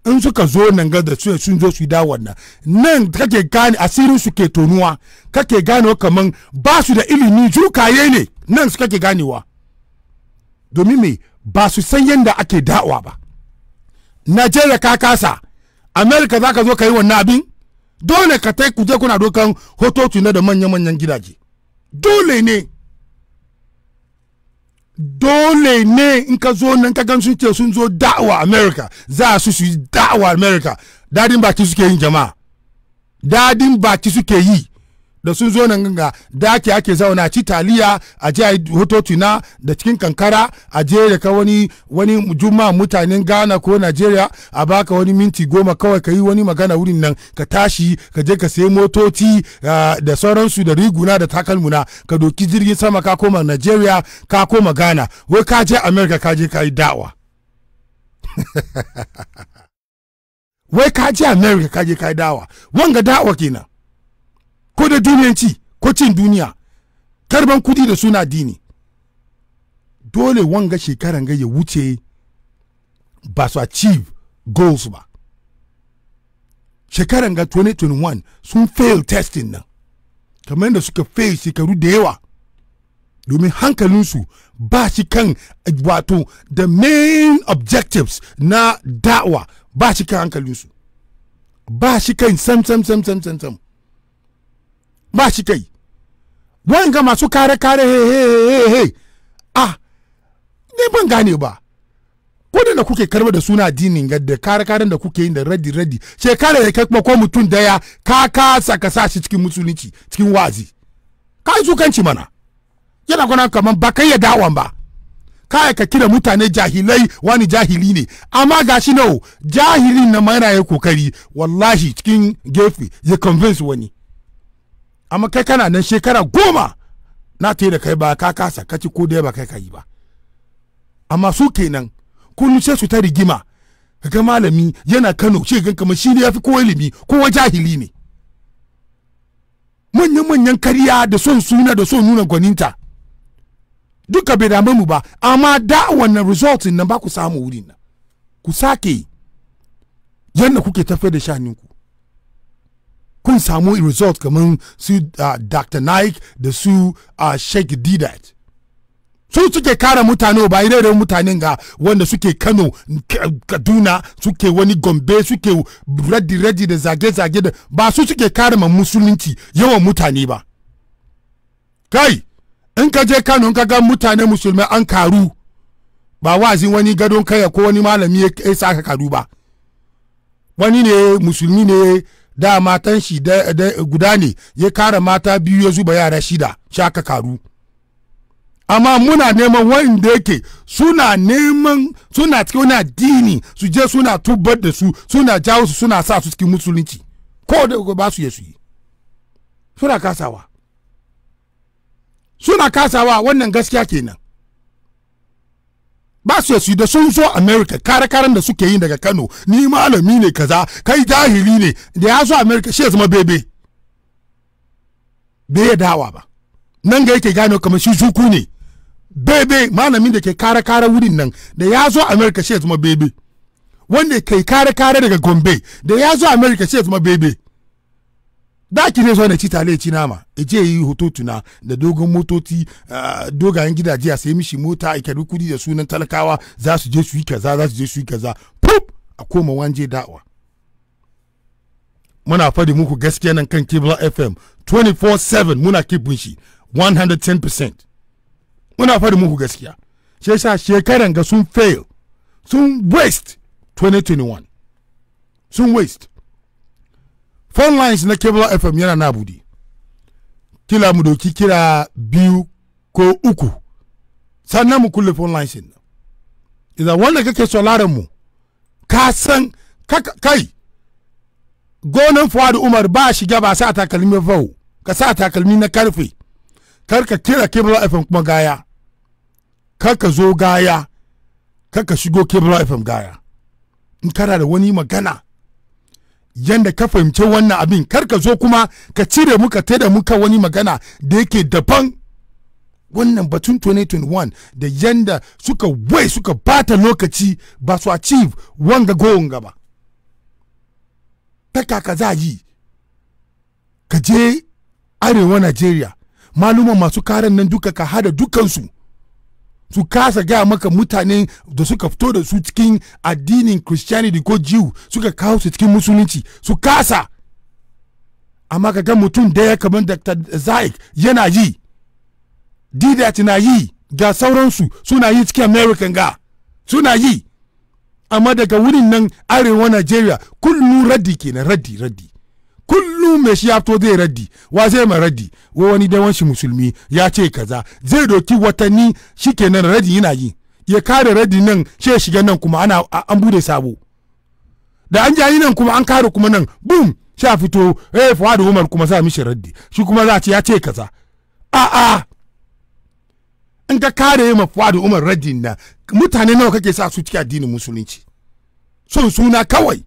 in suka zo nan ga da su sun zo su yi dawon nan nan kake gane asirin su ke tonuwa kake gane kaman ba su da ilimi jukaye ne nan su kake ganewa domin me ba su san yadda ake da'awa ba najeriya ka kasa america za ka zo ka yi wannan abin dole ka tai kuje kuna dokan hotoci na da manya-manyan gidaje dole ne dole ne in ka zo nan ka gan ce sun zo da'awa america za su su yi da'awa america dadin baki suke yin jama'a dadin baki suke yi da sun zo nan ga daki ake zauna ci taliya a je hoto na da cikin kankara a je da ka wani wani juma mutanen Ghana ko nigeria a baka wani minti goma kawai ka yi wani magana wurin nan ka tashi ka je ka sayi motoci da sauransu da riguna da takalmuna ka doki jirgin sama ka koma nigeria ka koma Ghana wai ka je America ka je ka yi da'wa wai ka je america ka je ka yi dawa wanga dawa kenan da duniyanci ko cin duniya karban kudi da suna dini dole wanga shekaran ga ya wuce ba su achieve goals ba shekaran ga 2021 sun fail testing nan kamar da suka fail shekaru da yawa domin hankalinsu ba shi kan wato the main objectives na da'wa ba shi kan hankalinsu ba shi kan sam sam sam sam sam sam ba shi kai wayan ga masu kare kare he he he he ah ne ban gane ba da kuke karba da suna addinin da kare karen da kuke yin da ready radi shekara ya kai kuma ko mutum daya ka kasa ka sa shi cikin musulunci cikin wazi ka yi zukanci mana yana gwana kamar ba kai ya dawan ba kai ka kira mutane jahilai wani jahili ne amma gashi nawo jahilin na maraye ya kokari wallahi cikin gefe ya convince wani amma kai kana nan shekara goma na ta da kai ba ka kasa ka ci ko da ba kai ka yi ba amma su kenan kullum sai su ta rigima ga malami yana kano shi ganka kamar shi ne ya fi kowa ilimi kowa jahili ne manyan-manyan kariya da son suna da son nuna gwaninta duka bai dame mu ba amma da wannan result nan ba ku samu wurin nan ku sake yadda kuke tafiya da shaninku kun samu result kamar su ah, dr nike da su ah, sheikh didat su suke kare mutane ba irin mutanen ga wanda suke kano kaduna suke wani gombe suke radi-radi da zage-zage da ba su suke kare ma musulunci yawan mutane ba kai in ka je kano ka ga mutane musulmai an karu ba wazin wani gadon kaya ko wani malami ya sa ka karu ba wani ne musulmi ne da matan shi guda ne ya kara mata biyu ya zuba yara shida shaka karu amma muna neman wanda yake suna neman suna cikin wani addini su je suna tubar da su suna jawo su suna sa su cikin musulunci ko da ba su su yi suna kasawa suna kasawa wannan gaskiya kenan ba su yasu da sun zo america kare karen da suke yi daga kano ni malami ne kaza kai jahili ne da ya zo america shi ya zama bebe bai ya dawa ba nan ga yake gano kamar shi zuku ne bebe malamin da ke kare kare wurin nan da ya zo america shi ya zama bebe wanda ke kare kare daga gombe da ya zo america shi ya zama bebe daki ne zuwa na ci tare ci nama ya je yi tuna da dogon motoci dogayen gidaje a sai mishi mota a kyari kudi da sunan talakawa za su je su yi kaza za su je su yi kaza pup a koma wanje da'awa muna fadi muku gaskiya nan kan cable fm 24/7 muna kibin shi 110% muna fadi muku gaskiya shi yasa shekaran ga sun fail sun waste 2021 sun waste phone lines na cable fm yana na bude kila mu doki kira biyu ko uku sannan mu kulle phone lines din idan wanda kake sauraron mu ka san kai gonan fuwadu umar ba shiga ba sa takalmi fau ka sa takalmi na karfe kar ka kira cable fm kuma gaya kar zo gaya kar shigo cable fm gaya in kana da wani magana yanda ka fahimci wannan abin kar ka zo kuma ka cire muka te da muka wani magana da yake daban wannan batun 2021 da yanda suka wai suka bata lokaci ba su achieve wanga goyon gaba ta kaka za yi ka je arewa nigeria maluman masu karan nan duka ka hada dukansu su kasa gaya maka mutane da suka fito da su cikin addinin christianity ko jew suka kawo su cikin musulunci su kasa amma ka ga mutum daya kamar dr zaik yana yi didat na yi ga sauransu suna yi cikin american ga suna yi amma daga wurin nan arewa nigeria kullum raddi kenan raddi raddi mai shi ya fito zai raddi wa zai ma raddi wa wani dan wanshi musulmi ya ce kaza zai doki watanni shikenan raddi yana yi ya kare raddi nan she shiga nan kuma ana an bude sabo da an jayi nan kuma an kare kuma nan boom sha fito eh fuad umar kuma sa mishi raddi shi kuma za ce ya ce kaza a a in ka kare ma fuad umar raddi na mutane nawa kake sa su cikin addinin musulunci son suna kawai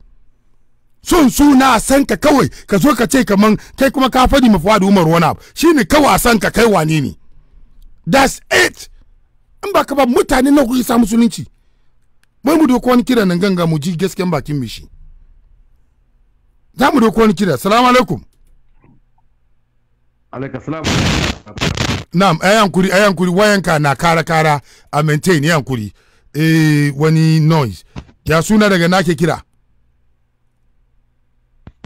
son suna san ka kawai ka zo ka ce kaman kai kuma ka fadi mafuwa da umar wani abu shine kawai san ka kai wane ne that's it in ba ka ba mutane na kuke samu musulunci mai mu doko wani kira nan ganga mu ji gasken bakin mishi za mu doko wani kira salamu alaikum alaikum salam na'am ayan kuri ayan kuri wayanka na kara kara a maintain ayan kuri eh wani noise ya suna daga nake kira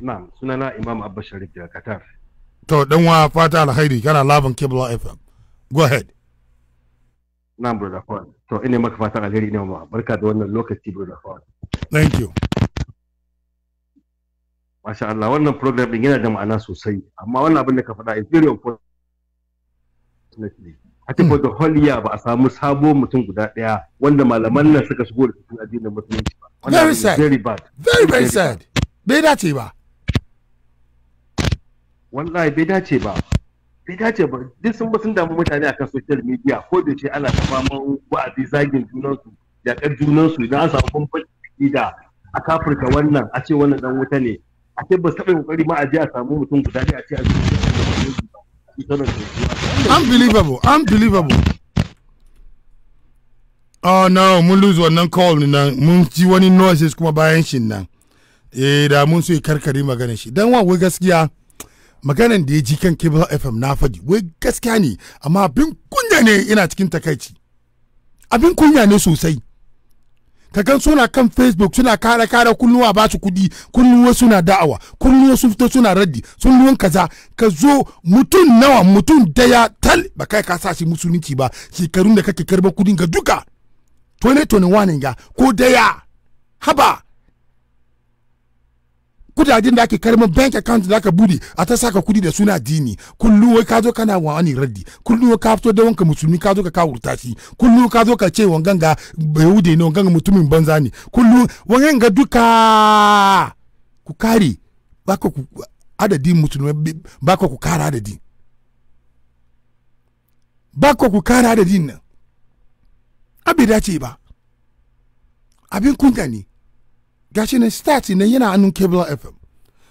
Na'am, sunana Imam Abba Sharif daga Qatar. To dan wa fata alkhairi kana labin Kibla FM. Go ahead. Na'am brother Fuad. To ina maka fatan alheri ne ma barka da wannan lokaci brother Fuad. Thank you. Masha Allah wannan program din yana da ma'ana sosai amma wannan abin da ka faɗa is very important. a cikin da holiya ba a samu sabo mutum guda ɗaya wanda malaman nan suka shigo da cikin addinin musulunci ba. Very sad. Very bad. Very very sad. Bai dace ba. wallahi bai dace ba bai dace ba duk sun sun damu mutane akan social media ko da ce ana ta faman wa'azi zagin junansu junan junansu idan an samu bambanci da a kafirka wannan a ce wannan dan wuta ne a ce ba su taɓa kokari ma a je a samu mutum guda ne a ce a zuwa unbelievable unbelievable oh no mun lose wannan call nan mun ji wani noises kuma bayan shin nan eh da mun so karkare magana shi dan wa gaskiya maganan da ya ji kan cable fm na faɗi wai gaskiya ne amma abin kunya ne ina cikin takaici abin kunya ne sosai ka gan suna kan facebook suna kara kara kunnuwa ba su kuɗi kunnuwa suna da'awa kunnuwa sun fito suna raddi sun kaza ka zo mutum nawa mutum daya tal ba kai ka sa musulunci ba shekarun da kake karba kudin ga duka 2021 ga ko daya haba kudaden da ake karamin bank account da aka bude a ta saka kudi da suna dini kullum wai ka zo kana wa wani raddi kullum wai ka fito da wanka musulmi ka zo ka kawurta shi kullum ka zo ka ce wangan ga yahude ne wangan mutumin banza ne kullum wangan ga duka ku kare baka ku adadin musulmi baka ku kara adadin baka ku kara adadin nan abin dace ba abin kunya ne gashi ne stat ne yana hannun cable fm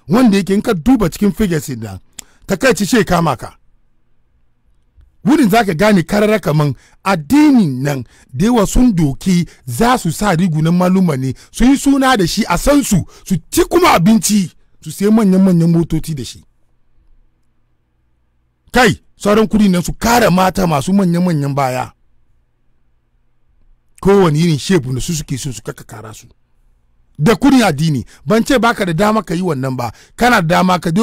wanda yake in ka duba cikin figures nan takaici ce kama ka wurin za ka gane karara kaman addinin nan da yawa sun doki za su sa rigunan maluma ne su yi suna da shi a san su su ci kuma abinci su sai manyan-manyan motoci da shi kai sauran kudi nan su kara mata masu manyan-manyan baya kowane irin shebu da su suke sun su kaka kara su da kudin addini ban ce baka da dama ka yi wannan ba kana da dama ka je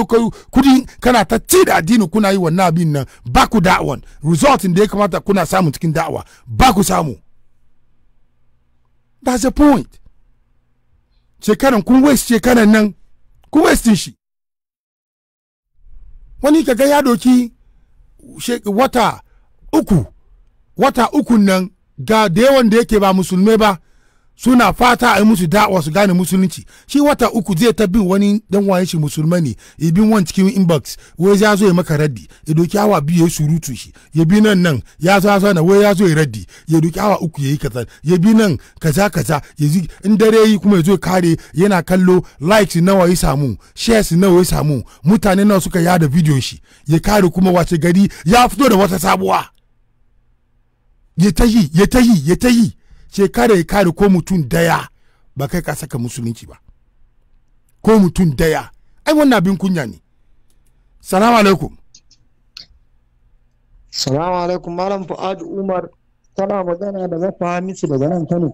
kuɗin kana ta ci da addini kuna yi wannan abin nan ba ku da'awan result da ya kamata kuna samu cikin da'awa ba ku samu that's the point shekaran kun waste shekaran nan kun waste shi wani kaga ya doki wata uku wata uku nan ga da yawan da yake ba musulmai ba suna fata a yi musu da'awa su gane musulunci shi wata uku zai ta bin wani dan wayan shi musulma ne ya bin wani cikin inbox wai ya zo ya maka raddi ya doki awa biyu ya surutu shi ya bi nan nan ya zo ya na wai ya zo ya raddi ya doki awa uku ya yi kaza ya bi nan kaza kaza ya zi in dare yi kuma ya zo kare yana kallo likes nawa ya samu shares nawa ya samu mutane nawa suka yada bidiyon shi ya kare kuma wace gari ya fito da wata sabuwa ya ta yi ya ta yi ya ta yi ce kada ya kare ko mutum daya ba kai ka saka musulunci ba ko mutum daya ai wannan abin kunya ne salamu alaikum salamu alaikum malam fu'ad umar tana magana da zafa hamisu daga nan kano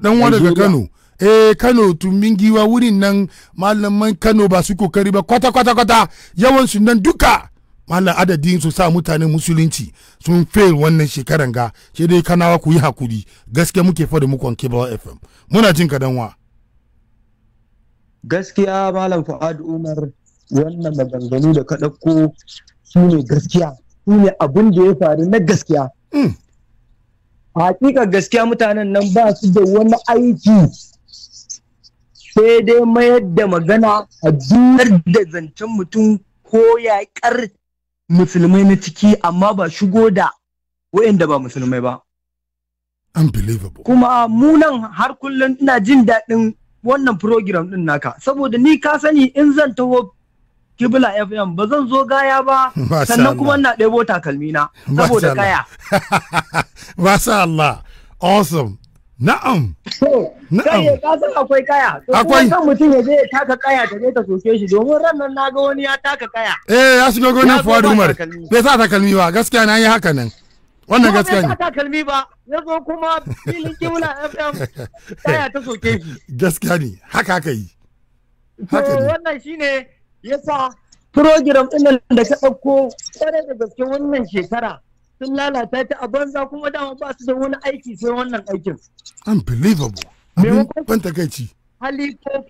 dan wa daga kano eh kano tumbin giwa wurin nan malaman kano ba su kokari ba kwata kwata kwata yawan su nan duka malam adadin su sa mutane musulunci sun fail wannan shekaran ga shi dai kanawa ku yi hakuri gaskiya muke fada muku on cable fm muna jin wa. gaskiya malam fa'ad umar wannan maganganu da ka ɗauko su ne gaskiya su ne abin da ya faru na gaskiya hmm. hakika gaskiya mutanen nan ba su da wani aiki sai dai mayar da magana a duniyar da zancen mutum ko yaƙar musulmai na ciki amma ba shigo da wa'inda ba musulmai ba. Unbelievable. Kuma munan har kullum ina jin daɗin wannan program ɗin naka saboda ni ka sani in zan taho kibla fm ba zan zo gaya ba sannan kuma na ɗebo takalmina saboda kaya. Masha Allah, awesome, na'am. Kai ka san akwai kaya. Akwai. Kan mutum ya je ya taka kaya ta je ta soke shi domin ran na ga wani ya taka kaya. Eh ya shigo gonan Fuad Umar. Bai sa takalmi ba gaskiya na yi haka nan. Wannan gaskiya ne. Bai sa takalmi ba ya zo kuma filin kimula FM kaya ta soke shi. Gaskiya ne haka haka yi. Haka ne. Wannan shine yasa program ɗin da ka ɗauko tsare da gaske wannan shekara. sun lalata ta a banza kuma dama ba su da wani aiki sai wannan aikin. Unbelievable. Abin ban takaici. Halifo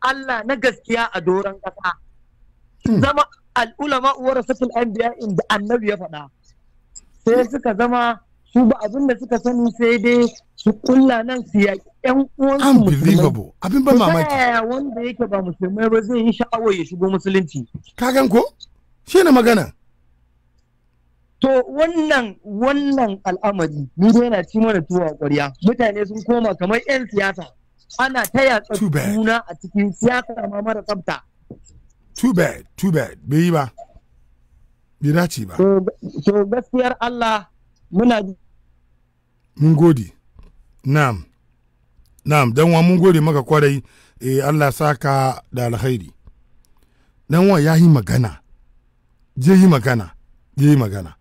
Allah na gaskiya a doron kasa. Hmm. Zama al'ulama uwar sufil anbiya inda annabi ya faɗa. Sai suka zama su ba abin da suka sani sai dai su kulla nan su ya ƴan uwansu Unbelievable. Abin ban mamaki. Ta wanda yake ba musulmai ba zai yi sha'awar ya shigo musulunci. Kagan ko? Shi na magana. To wannan wannan al'amari ni dai yana ci mana tuwa ƙwarya mutane sun koma kamar 'yan siyasa ana ta yatsa juna a cikin siyasa ma mara tsafta. Too bad, too bad, bai yi ba, bai dace ba. To gaskiyar Allah muna Mun gode, na'am, na'am, dan wa mun gode maka kwarai eh, Allah ka da alkhairi. Dan wa ya yi magana, je yi magana, je yi magana.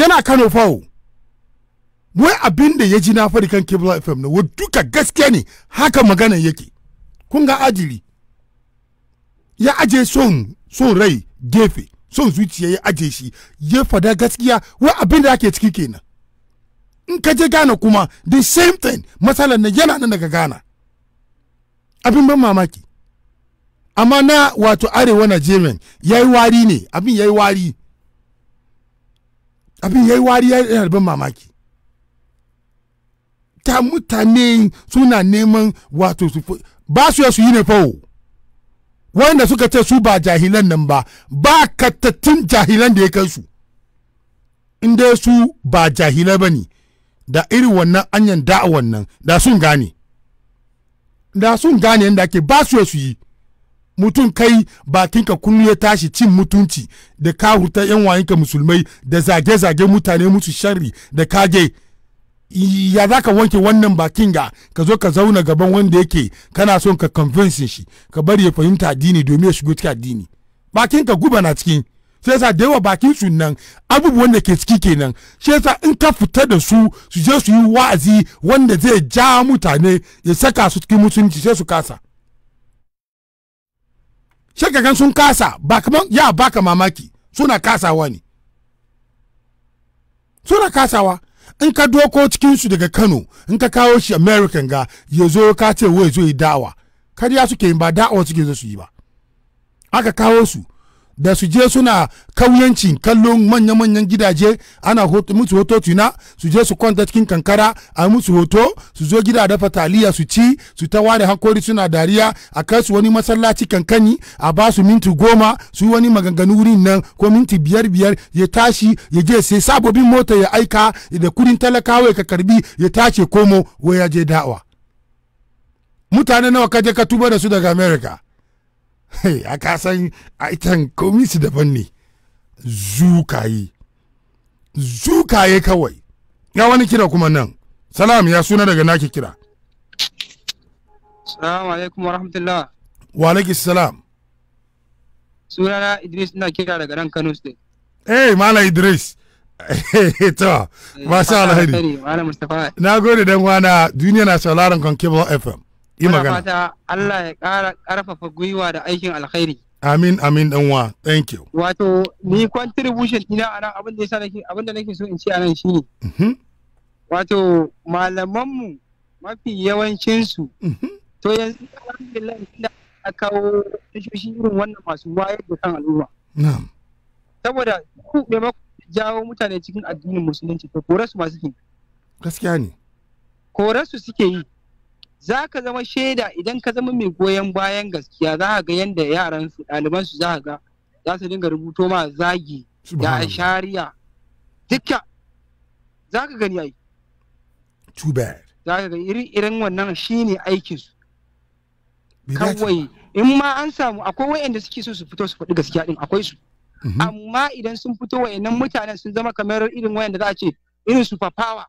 yana kano fawo wai abin da ya ji na fari kan kibla fm na duka gaske ne haka magana yake kun ga adili ya aje son son rai gefe son zuciya ya aje shi ya fada gaskiya wai abin da ake ciki kenan in ka je gana kuma the same thing matsalar na yana nan daga gana abin ban mamaki amma na wato arewa nigerian ya yi wari ne abin ya yi wari abin yayi wari yana da mamaki ta mutane suna neman wato su ba su su yi ne wanda suka ce su ba jahilan nan ba ba katattun jahilan da ya kai su in su ba jahila ba ne da irin wannan anyan da'a wannan da sun gane da sun gane yadda ake ba su su yi mutum kai bakinka kunnu ya tashi cin mutunci da ka hurta yan ka musulmai da zage-zage mutane musu sharri da kage ya za ka wanke wannan bakin ga ka zo ka zauna gaban wanda yake kana son ka convince shi ka bari ya fahimta addini domin ya shigo cikin addini bakin ka guba na cikin sai sa da yawa bakin su nan abubuwan da ke ciki kenan shi sa in ka fita da su su je su yi wa'azi wanda zai ja mutane ya saka su cikin mutunci sai su kasa kan sun kasa ba ya baka mamaki suna kasawa ne suna kasawa in ka doko cikinsu daga kano in ka kawo shi american ga ya zo ka ce wai zo yi dawa kariya suke yin ba da'awa suke zo su yi ba aka kawo su da su je suna kauyanci kallon manya-manyan gidaje ana musu hoto tuna su je su kwanta cikin kankara a musu hoto su zo gida dafa taliya su ci su ta ware hankori suna dariya a kai su wani masallaci kankani a ba su minti goma su wani maganganu wurin nan ko minti biyar biyar ya tashi ya je sai sabobin mota ya aika da kudin talakawa ka karbi ya tace komo waya je da'awa mutane nawa ka kaje ka tuba da su daga america a kasan a itan komi su daban ne zukaye zukaye kawai ya wani kira kuma nan salam ya suna daga naki kira salamu alaikum wa rahmatullah wa alaikis salam sunana idris na kira daga nan kano state eh mala idris to masha alheri na gode dan wana duniya na sauraron kan cable fm yi magana fata Allah ya ƙara ƙarfafa gwiwa da aikin alkhairi amin amin dan wa thank you wato ni contribution ina anan abin da yasa nake abin da nake so in ce anan shine mhm. wato malaman mu mafi yawancin su mhm. to yanzu alhamdulillah da aka kawo tashoshi irin wannan masu wayar da kan al'umma na'am saboda ku ma jawo mutane cikin addinin musulunci to kore su masu kin gaskiya ne kore su suke yi za ka zama shaida idan ka zama mai goyon bayan gaskiya za ga yadda yaran su ɗaliban su za ga za su dinga rubuto ma zagi da shari'a duka za ka gani ai too bad za ka ga irin wannan shine aikin su kawai in ma an samu akwai wayanda suke so su fito su faɗi gaskiya din akwai su mm-hmm. amma idan sun fito wayannan mutanen sun zama kamar irin wayanda za a ce irin super power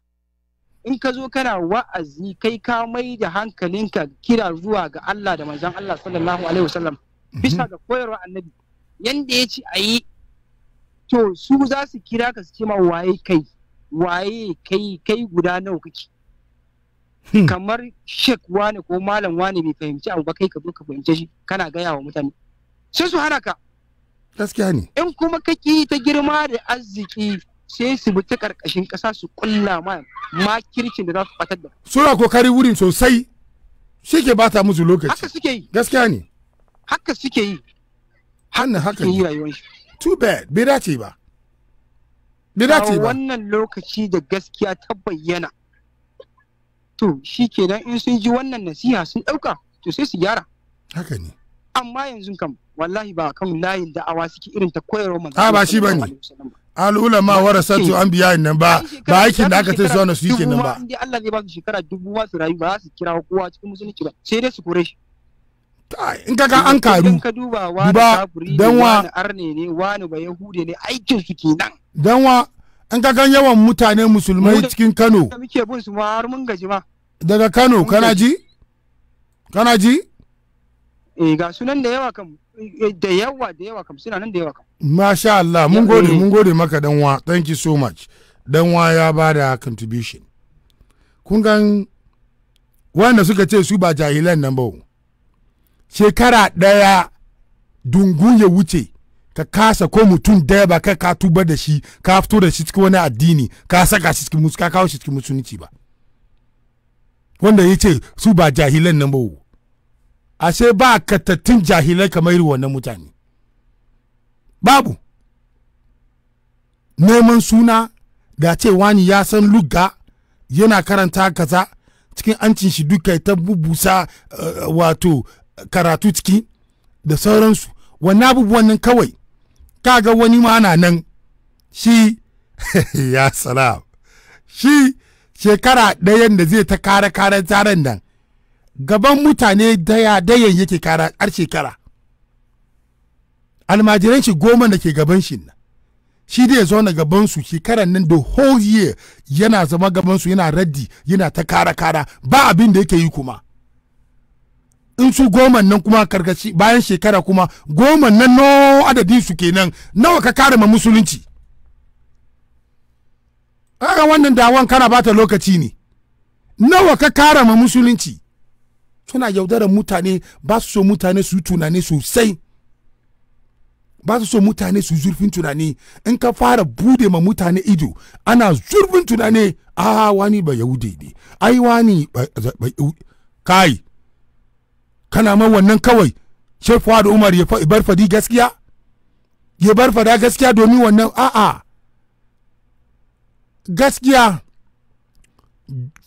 in ka zo kana wa'azi kai ka mai da hankalinka kira zuwa ga Allah da manzon Allah sallallahu alaihi wasallam mhm. bisa ga koyarwa annabi yanda ya ce a yi to su za su kira ka su ce waye kai waye kai kai guda nawa kake hmm. kamar shek wane ko malam wane bai fahimci abu ba kai ka ka fahimce shi kana gaya wa mutane sai su hana in kuma kaki ta girma da arziki sai su bi ta karkashin kasa su kulla ma makircin da za su fatar da suna kokari wurin sosai shi ke bata musu lokaci haka suke yi gaskiya ne haka suke yi hannun haka yi rayuwar shi too bad bai dace ba bai dace ba wannan lokaci da gaskiya ta bayyana to shi kenan in sun ji wannan nasiha sun dauka to sai su gyara haka ne amma yanzu kam wallahi ba kan layin da'awa suke irin ta koyarwa manzo ba shi bane al'ula ma wara al'ulama an biya nan ba ba aikin da aka ta zauna su yake nan ba in Allah zai ba su shekara dubu ma su rayu ba su kira kowa cikin musulunci ba sai dai su kore shi in ka ga an karu ka duba wa da danwa arne ne wani ba yahude ne aikin su kenan dan wa in ka gan yawan mutane musulmai cikin Kano muke bin su ma har mun gaji ma daga Kano kana ji kana ji eh ga sunan da yawa kam eh, da yawa da yawa kam suna nan da yawa kam masha Allah mun gode mun gode maka danwa thank you so much danwa ya bada contribution kun gan wanda suka ce su ba jahilan nan ba shekara daya dungun ya wuce ka kasa ko mutum daya ba kai ka tubar da shi ka fito da shi cikin wani addini ka saka shi cikin musu ka kawo shi cikin musulunci ba wanda ya ce su ba jahilan nan ba a ashe ba katattun jahilai kamar irin wannan mutane babu neman suna da ce wani ya san lugga yana karanta kaza cikin ancin shi duka ta bubusa eh, wato karatu ciki da sauransu wannan abubuwan nan kawai kaga wani ma na nan shi ya salam shi shekara ɗayan da zai ta kare kare tsarin nan gaban mutane daya dayan yake kara har shekara almajiran shi goma da ke gaban shi shi da ya zauna gaban su shekaran nan the whole year yana zama gaban su yana raddi yana ta kara kara ba abin da yake yi kuma in su goma nan kuma karkashi bayan shekara kuma goma nan no adadin su kenan nawa ka kare ma musulunci kaga wannan dawon kana bata lokaci ne nawa ka kare ma musulunci suna yaudarar mutane ba su so mutane su tunani sosai ba su so mutane su zurfin tunani in ka fara bude ma mutane ido ana zurfin tunani a wani ba yahudi ne ai wani ba kai kana ma wannan kawai shai da umar ya bar fadi gaskiya ya bar fada gaskiya domin wannan a'a gaskiya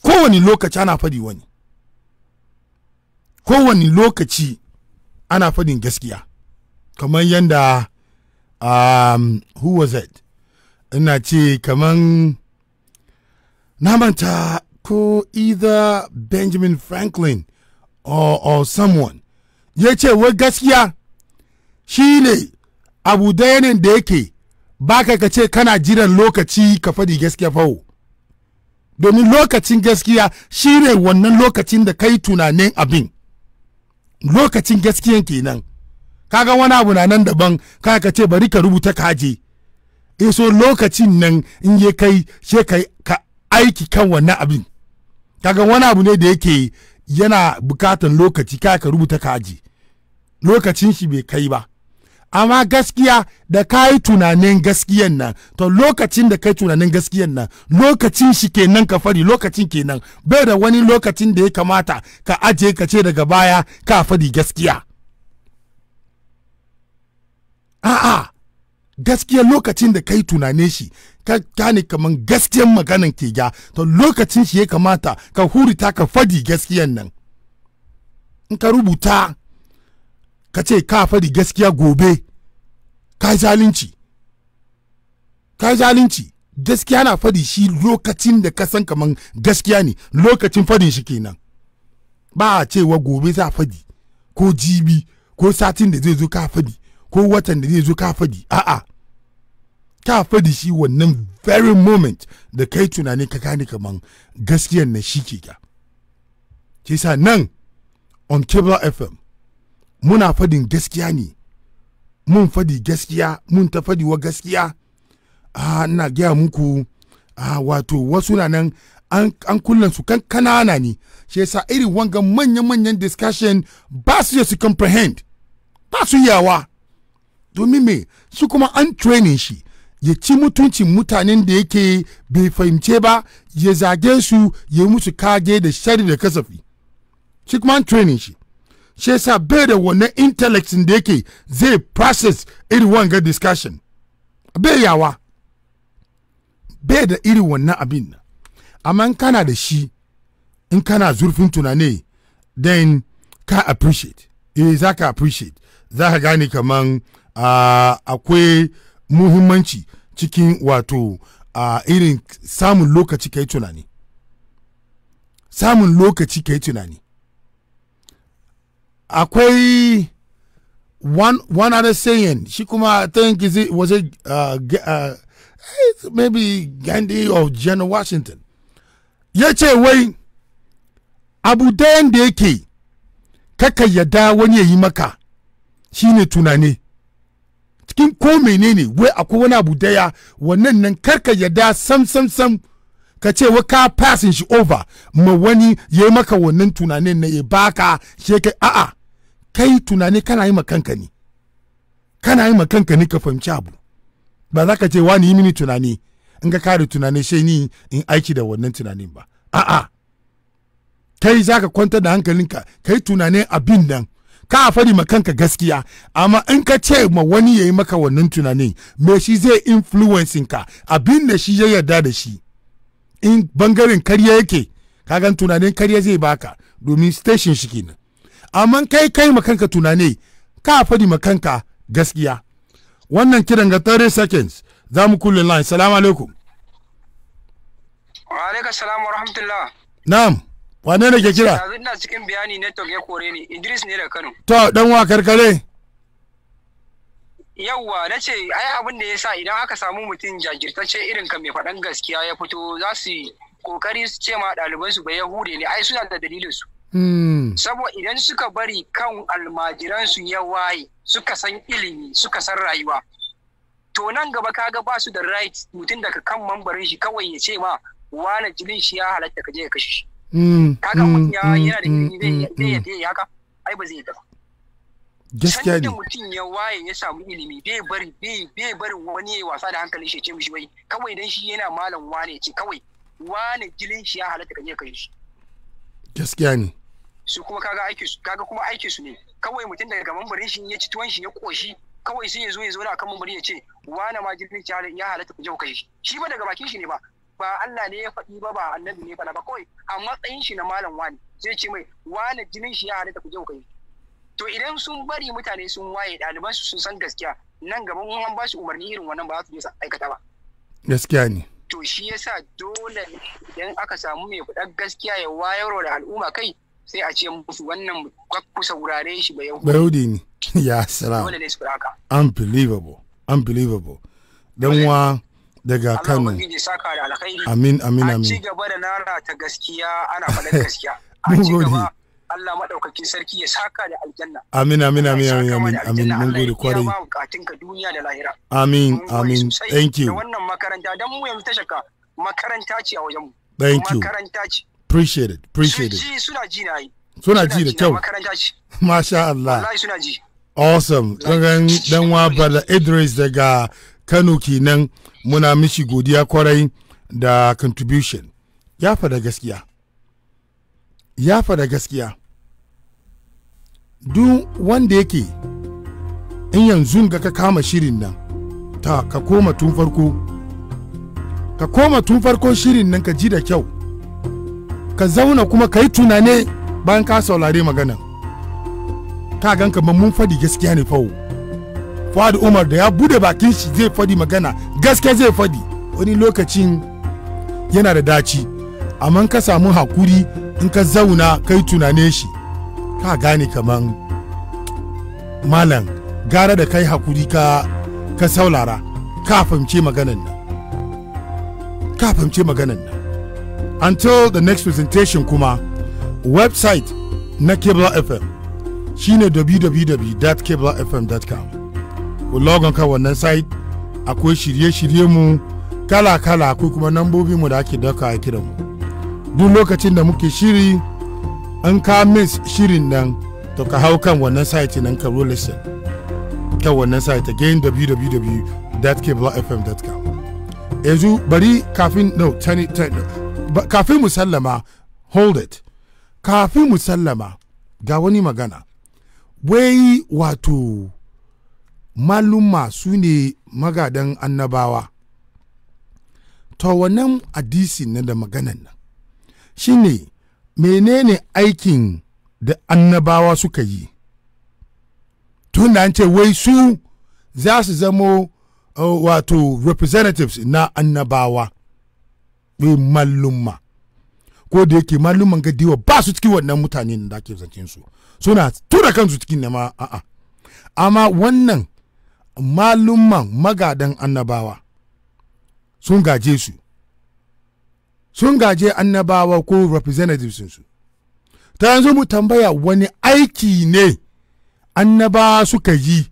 kowane lokaci ana fadi wani kowane lokaci ana faɗin gaskiya kamar yadda um, who was it ina ce kamar namanta ko either benjamin franklin or, or someone ya ce wai gaskiya shi ne abu daya ne da yake baka ka ce kana jiran lokaci ka faɗi gaskiya fawo domin lokacin gaskiya shi ne wannan lokacin da kai tunanin abin lokacin gaskiyan kenan kaga wani abu na nan daban kaya ka ce bari ka rubuta kaje e so lokacin nan in ya kai she ka aiki kan wannan abin kaga wani abu ne da yake yana bukatan lokaci kaya ka rubuta kaje lokacin shi bai kai ba amma gaskiya da ka yi tunanin gaskiyan nan to lokacin da ka yi tunanin gaskiyan nan lokacin shi kenan ka fari lokacin kenan bai da wani lokacin da ya kamata ka aje ka ce daga baya ka fadi gaskiya a'a gaskiya lokacin da ka yi tunanin shi ka gane kamar gaskiyan maganan ke ga to lokacin shi ya kamata ka hurita ka fadi gaskiyan nan in ka rubuta ka ce ka faɗi gaskiya gobe ka zalunci ka zalunci gaskiya na faɗi shi lokacin da ka san kaman gaskiya ne lokacin faɗin shi kenan ba a cewa gobe za faɗi ko jibi ko satin da zai zo ka faɗi ko watan da zai zo ka faɗi a'a ka faɗi shi wannan very moment da kai tunani ka gane kaman gaskiya na shi ke ga ke sa nan on cable fm muna fadin gaskiya ne mun fadi gaskiya mun ta fadi wa gaskiya a ina gaya muku a wato wasu na nan an kullum su kan kanana ne shi yasa irin wanga manyan-manyan discussion ba su su comprehend ba su yawa domin me su kuma an training shi ya ci mutuncin mutanen da yake bai fahimce ba ya zage su ya musu kage da shari da kasafi shi kuma an training shi shi yasa bai da wannan intellect da yake zai process iri wanga discussion bai yawa bai da iri wannan abin amma kana da shi in kana zurfin tunani then ka appreciate eh za ka appreciate za ka gane kaman uh, akwai muhimmanci cikin wato uh, irin samun lokaci kai tunani samun lokaci kai tunani akwai one other saying shi kuma think is it was it uh, uh, eh, maybe gandhi or general washington ya ce wai abu dayan da yake kaka yada wani ya yi maka shine tunani cikin ko menene wai akwai wani abu daya wannan nan karka yada sam sam sam ka ce wa ka passing shi over ma wani ya yi maka wannan tunanin na ya baka shi a'a kai tunani kana yi kanka ne kana yi kanka ne ka fahimci abu ba za ka ce wani yi mini tunani in ka kare tunani sai ni in aiki da wannan tunanin ba a'a kai za ka kwanta da hankalinka kai tunani abin nan ka fari ma kanka gaskiya amma in ka ce ma wani ya yi maka wannan tunanin me shi zai influencing ka abin da shi ya yarda da shi in bangaren karya yake kagan tunanin karya zai baka domin station shi kenan amma kai kai makanka tunani ka faɗi makanka gaskiya wannan kiran ga 30 seconds za mu kulle line salamu alaikum wa alaikum salam wa rahmatullah na'am wane ne ke kira yanzu ina cikin bayani network ya kore ni Idris ne da Kano to dan wa karkare yawwa na ce ai abin da ya sa idan aka samu mutum jajirtacce irin ka mai faɗan gaskiya ya fito za su kokari su ce ma ɗaliban su ba yahude ne ai suna da dalilin su Hmm. Saboda idan suka bari kan almajiransu ya waye suka san ilimi suka san rayuwa. To nan gaba kaga ba su da right mutum daga kan mambarin shi kawai ya ce ma wane jinin shi ya halatta ka je ka kashe shi. Hmm. Kaga mutum hmm. yana da ilimi zai yadda ya haka ai ba zai yi gaba. gaskiya ne mutum ya waye ya samu ilimi bai bari bai bari wani ya wasa da hankalin shi ce mishi wai kawai dan shi yana malam wane ce kawai wane jinin shi ya halatta ka ka kashe shi gaskiya ne su kuma kaga aiki su kaga kuma aiki su ne kawai mutum daga mambarin shi ya ci tuwon shi ya koshi kawai sai ya zo ya a mambarin ya ce wani ma jirgin ya halatta ku je kai shi shi ba daga bakin shi ne ba ba Allah ne ya faɗi ba ba annabi ne ba kawai a matsayin shi na malam wani zai ce mai wani jinin shi ya halatta ku je ku kai to idan sun bari mutane sun waye ɗaliban su sun san gaskiya nan gaban in an ba umarni irin wannan ba za su je su aikata ba gaskiya ne to shi yasa dole idan aka samu mai faɗar gaskiya ya wayarwa da al'umma kai sai a ce musu wannan ku saurare shi ba yau ne ya salam unbelievable unbelievable dan wa daga Kano amin amin amin a ci gaba da nara ta gaskiya ana faɗin gaskiya a ci gaba Allah maɗaukakin sarki ya saka da aljanna. Amin, amin, amin, amin, amin, amin, mun gode kwarai. Allah duniya da lahira. Amin, amin, thank you. Da wannan makaranta, don mu yanzu ta makaranta ce a wajen mu. Thank you. Makaranta ce. appreciate it appreciate it suna ji na yi suna ji da kyau masha Allah suna ji awesome dan wa bala Idris daga Kano kenan muna mishi godiya kwarai da contribution ya fada gaskiya ya fada gaskiya duk wanda yake in yanzu ga ka kama shirin nan ta ka koma tun farko ka koma tun farkon shirin nan ka ji da kyau ka zauna kuma ka yi tunane bayan ka saurare magana ka gan kamar mun fadi gaskiya ne fawo fuad umar da ya bude bakin shi zai fadi magana gaskiya zai fadi wani lokacin yana da daci amma ka samu hakuri in ka zauna ka yi tunane shi ka gane kamar malam gara da kai hakuri ka ka saulara ka fahimce maganan nan ka fahimce maganan nan until the next presentation kuma website na kebla fm shine www.kebla.fm.com ku log on ka wannan site akwai shirye-shirye mu kala-kala akwai kuma nambobi mu da ake daka a kiran mu duk lokacin da muke shiri an ka miss shirin nan to ka hau kan wannan site nan ka roll listen kan wannan site again www.kebla.fm.com yanzu bari kafin no, tani, tani, kafin mu sallama hold it kafin mu sallama ga wani magana wai wato maluma su ne magadan annabawa to wannan hadisi na da maganan nan shine menene aikin da annabawa suka yi tun da an ce wai su za su zamo uh, wato representatives na annabawa mallumma ko da yake malluman ga diwa ba su cikin wannan mutane da ake zancen su suna tura kansu cikin ne ma a'a amma wannan malluman magadan annabawa sun gaje su sun gaje annabawa ko representatives su ta yanzu mu tambaya wani aiki ne annabawa suka yi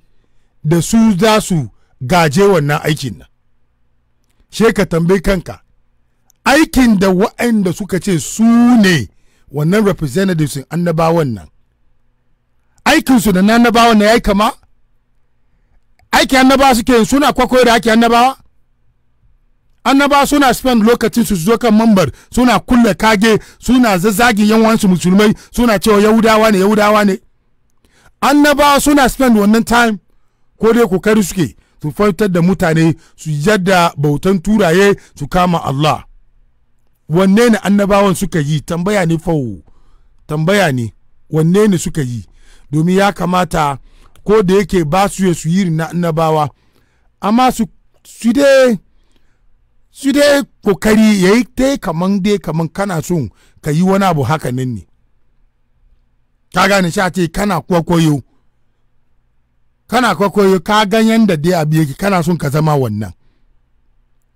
da su za su gaje wannan aikin nan sheka tambayi kanka aikin da wa'anda suka ce su ne wannan representatives annabawan nan aikinsu da na annabawan na ya yi kama aiki annabawa suke yin suna kwakwai da aiki annabawa annabawa suna spend lokacin su zo kan mambar suna kulle kage suna zazzagi yawansu musulmai suna cewa yahudawa ne yahudawa ne annabawa suna spend wannan time ko dai kokari suke su fitar da mutane su yadda bautan turaye su kama allah wanne ne annabawan suka yi tambaya ne fawo tambaya ne wanne ne suka yi domin ya kamata ko da yake ba su ya su yi na annabawa amma su dai su dai kokari ya yi dai kaman dai kaman kana son ka yi wani abu haka nan ne ka gane sha ce kana kwakwayo kana kwakwayo ka ganyen da dai abu yake kana son ka zama wannan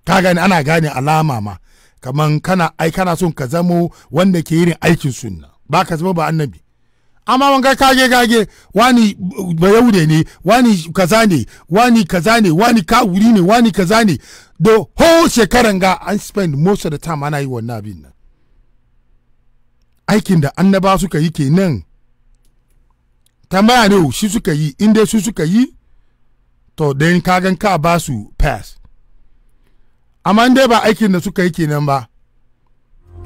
ka gane ana gane alama ma kaman kana ai kana son ka zamo wanda ke yin aikin sunna ba ka zama ba annabi amma wanga kage kage wani bayaude ne wani kaza ne wani kaza ne wani ka wuri ne wani kaza ne the whole shekaran ga an spend most of the time ana yi wannan abin nan aikin da annaba suka yi kenan tambaya ne shi suka yi inda su suka yi to dan kagan ka ba su pass amma dai ba aikin da suka yi kenan ba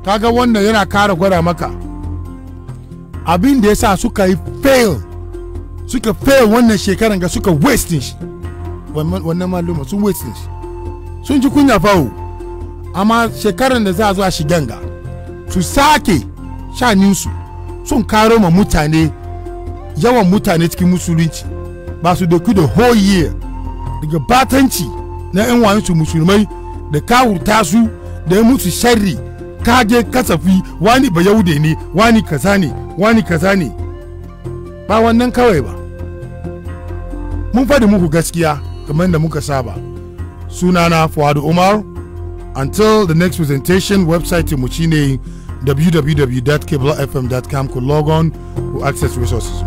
kaga wannan yana kara gwada maka abin da ya sa suka yi fail suka fail wannan shekaran ga suka wasting shi wannan maluma sun wasting shi sun ji kunya fawo amma shekaran da za a zo a su sake shaninsu sun karo ma mutane yawan mutane cikin musulunci ba su doku da whole year daga batanci na 'yan wani su musulmai da kawurta su da ya mutu sharri ka je kasafi wani ba yaude ne wani kaza ne wani kaza ne ba wannan kawai ba mun faɗi muku gaskiya kamar da muka saba sunana fuadu umar until the next presentation website mu shine www.kblfm.com ku log on ku access resources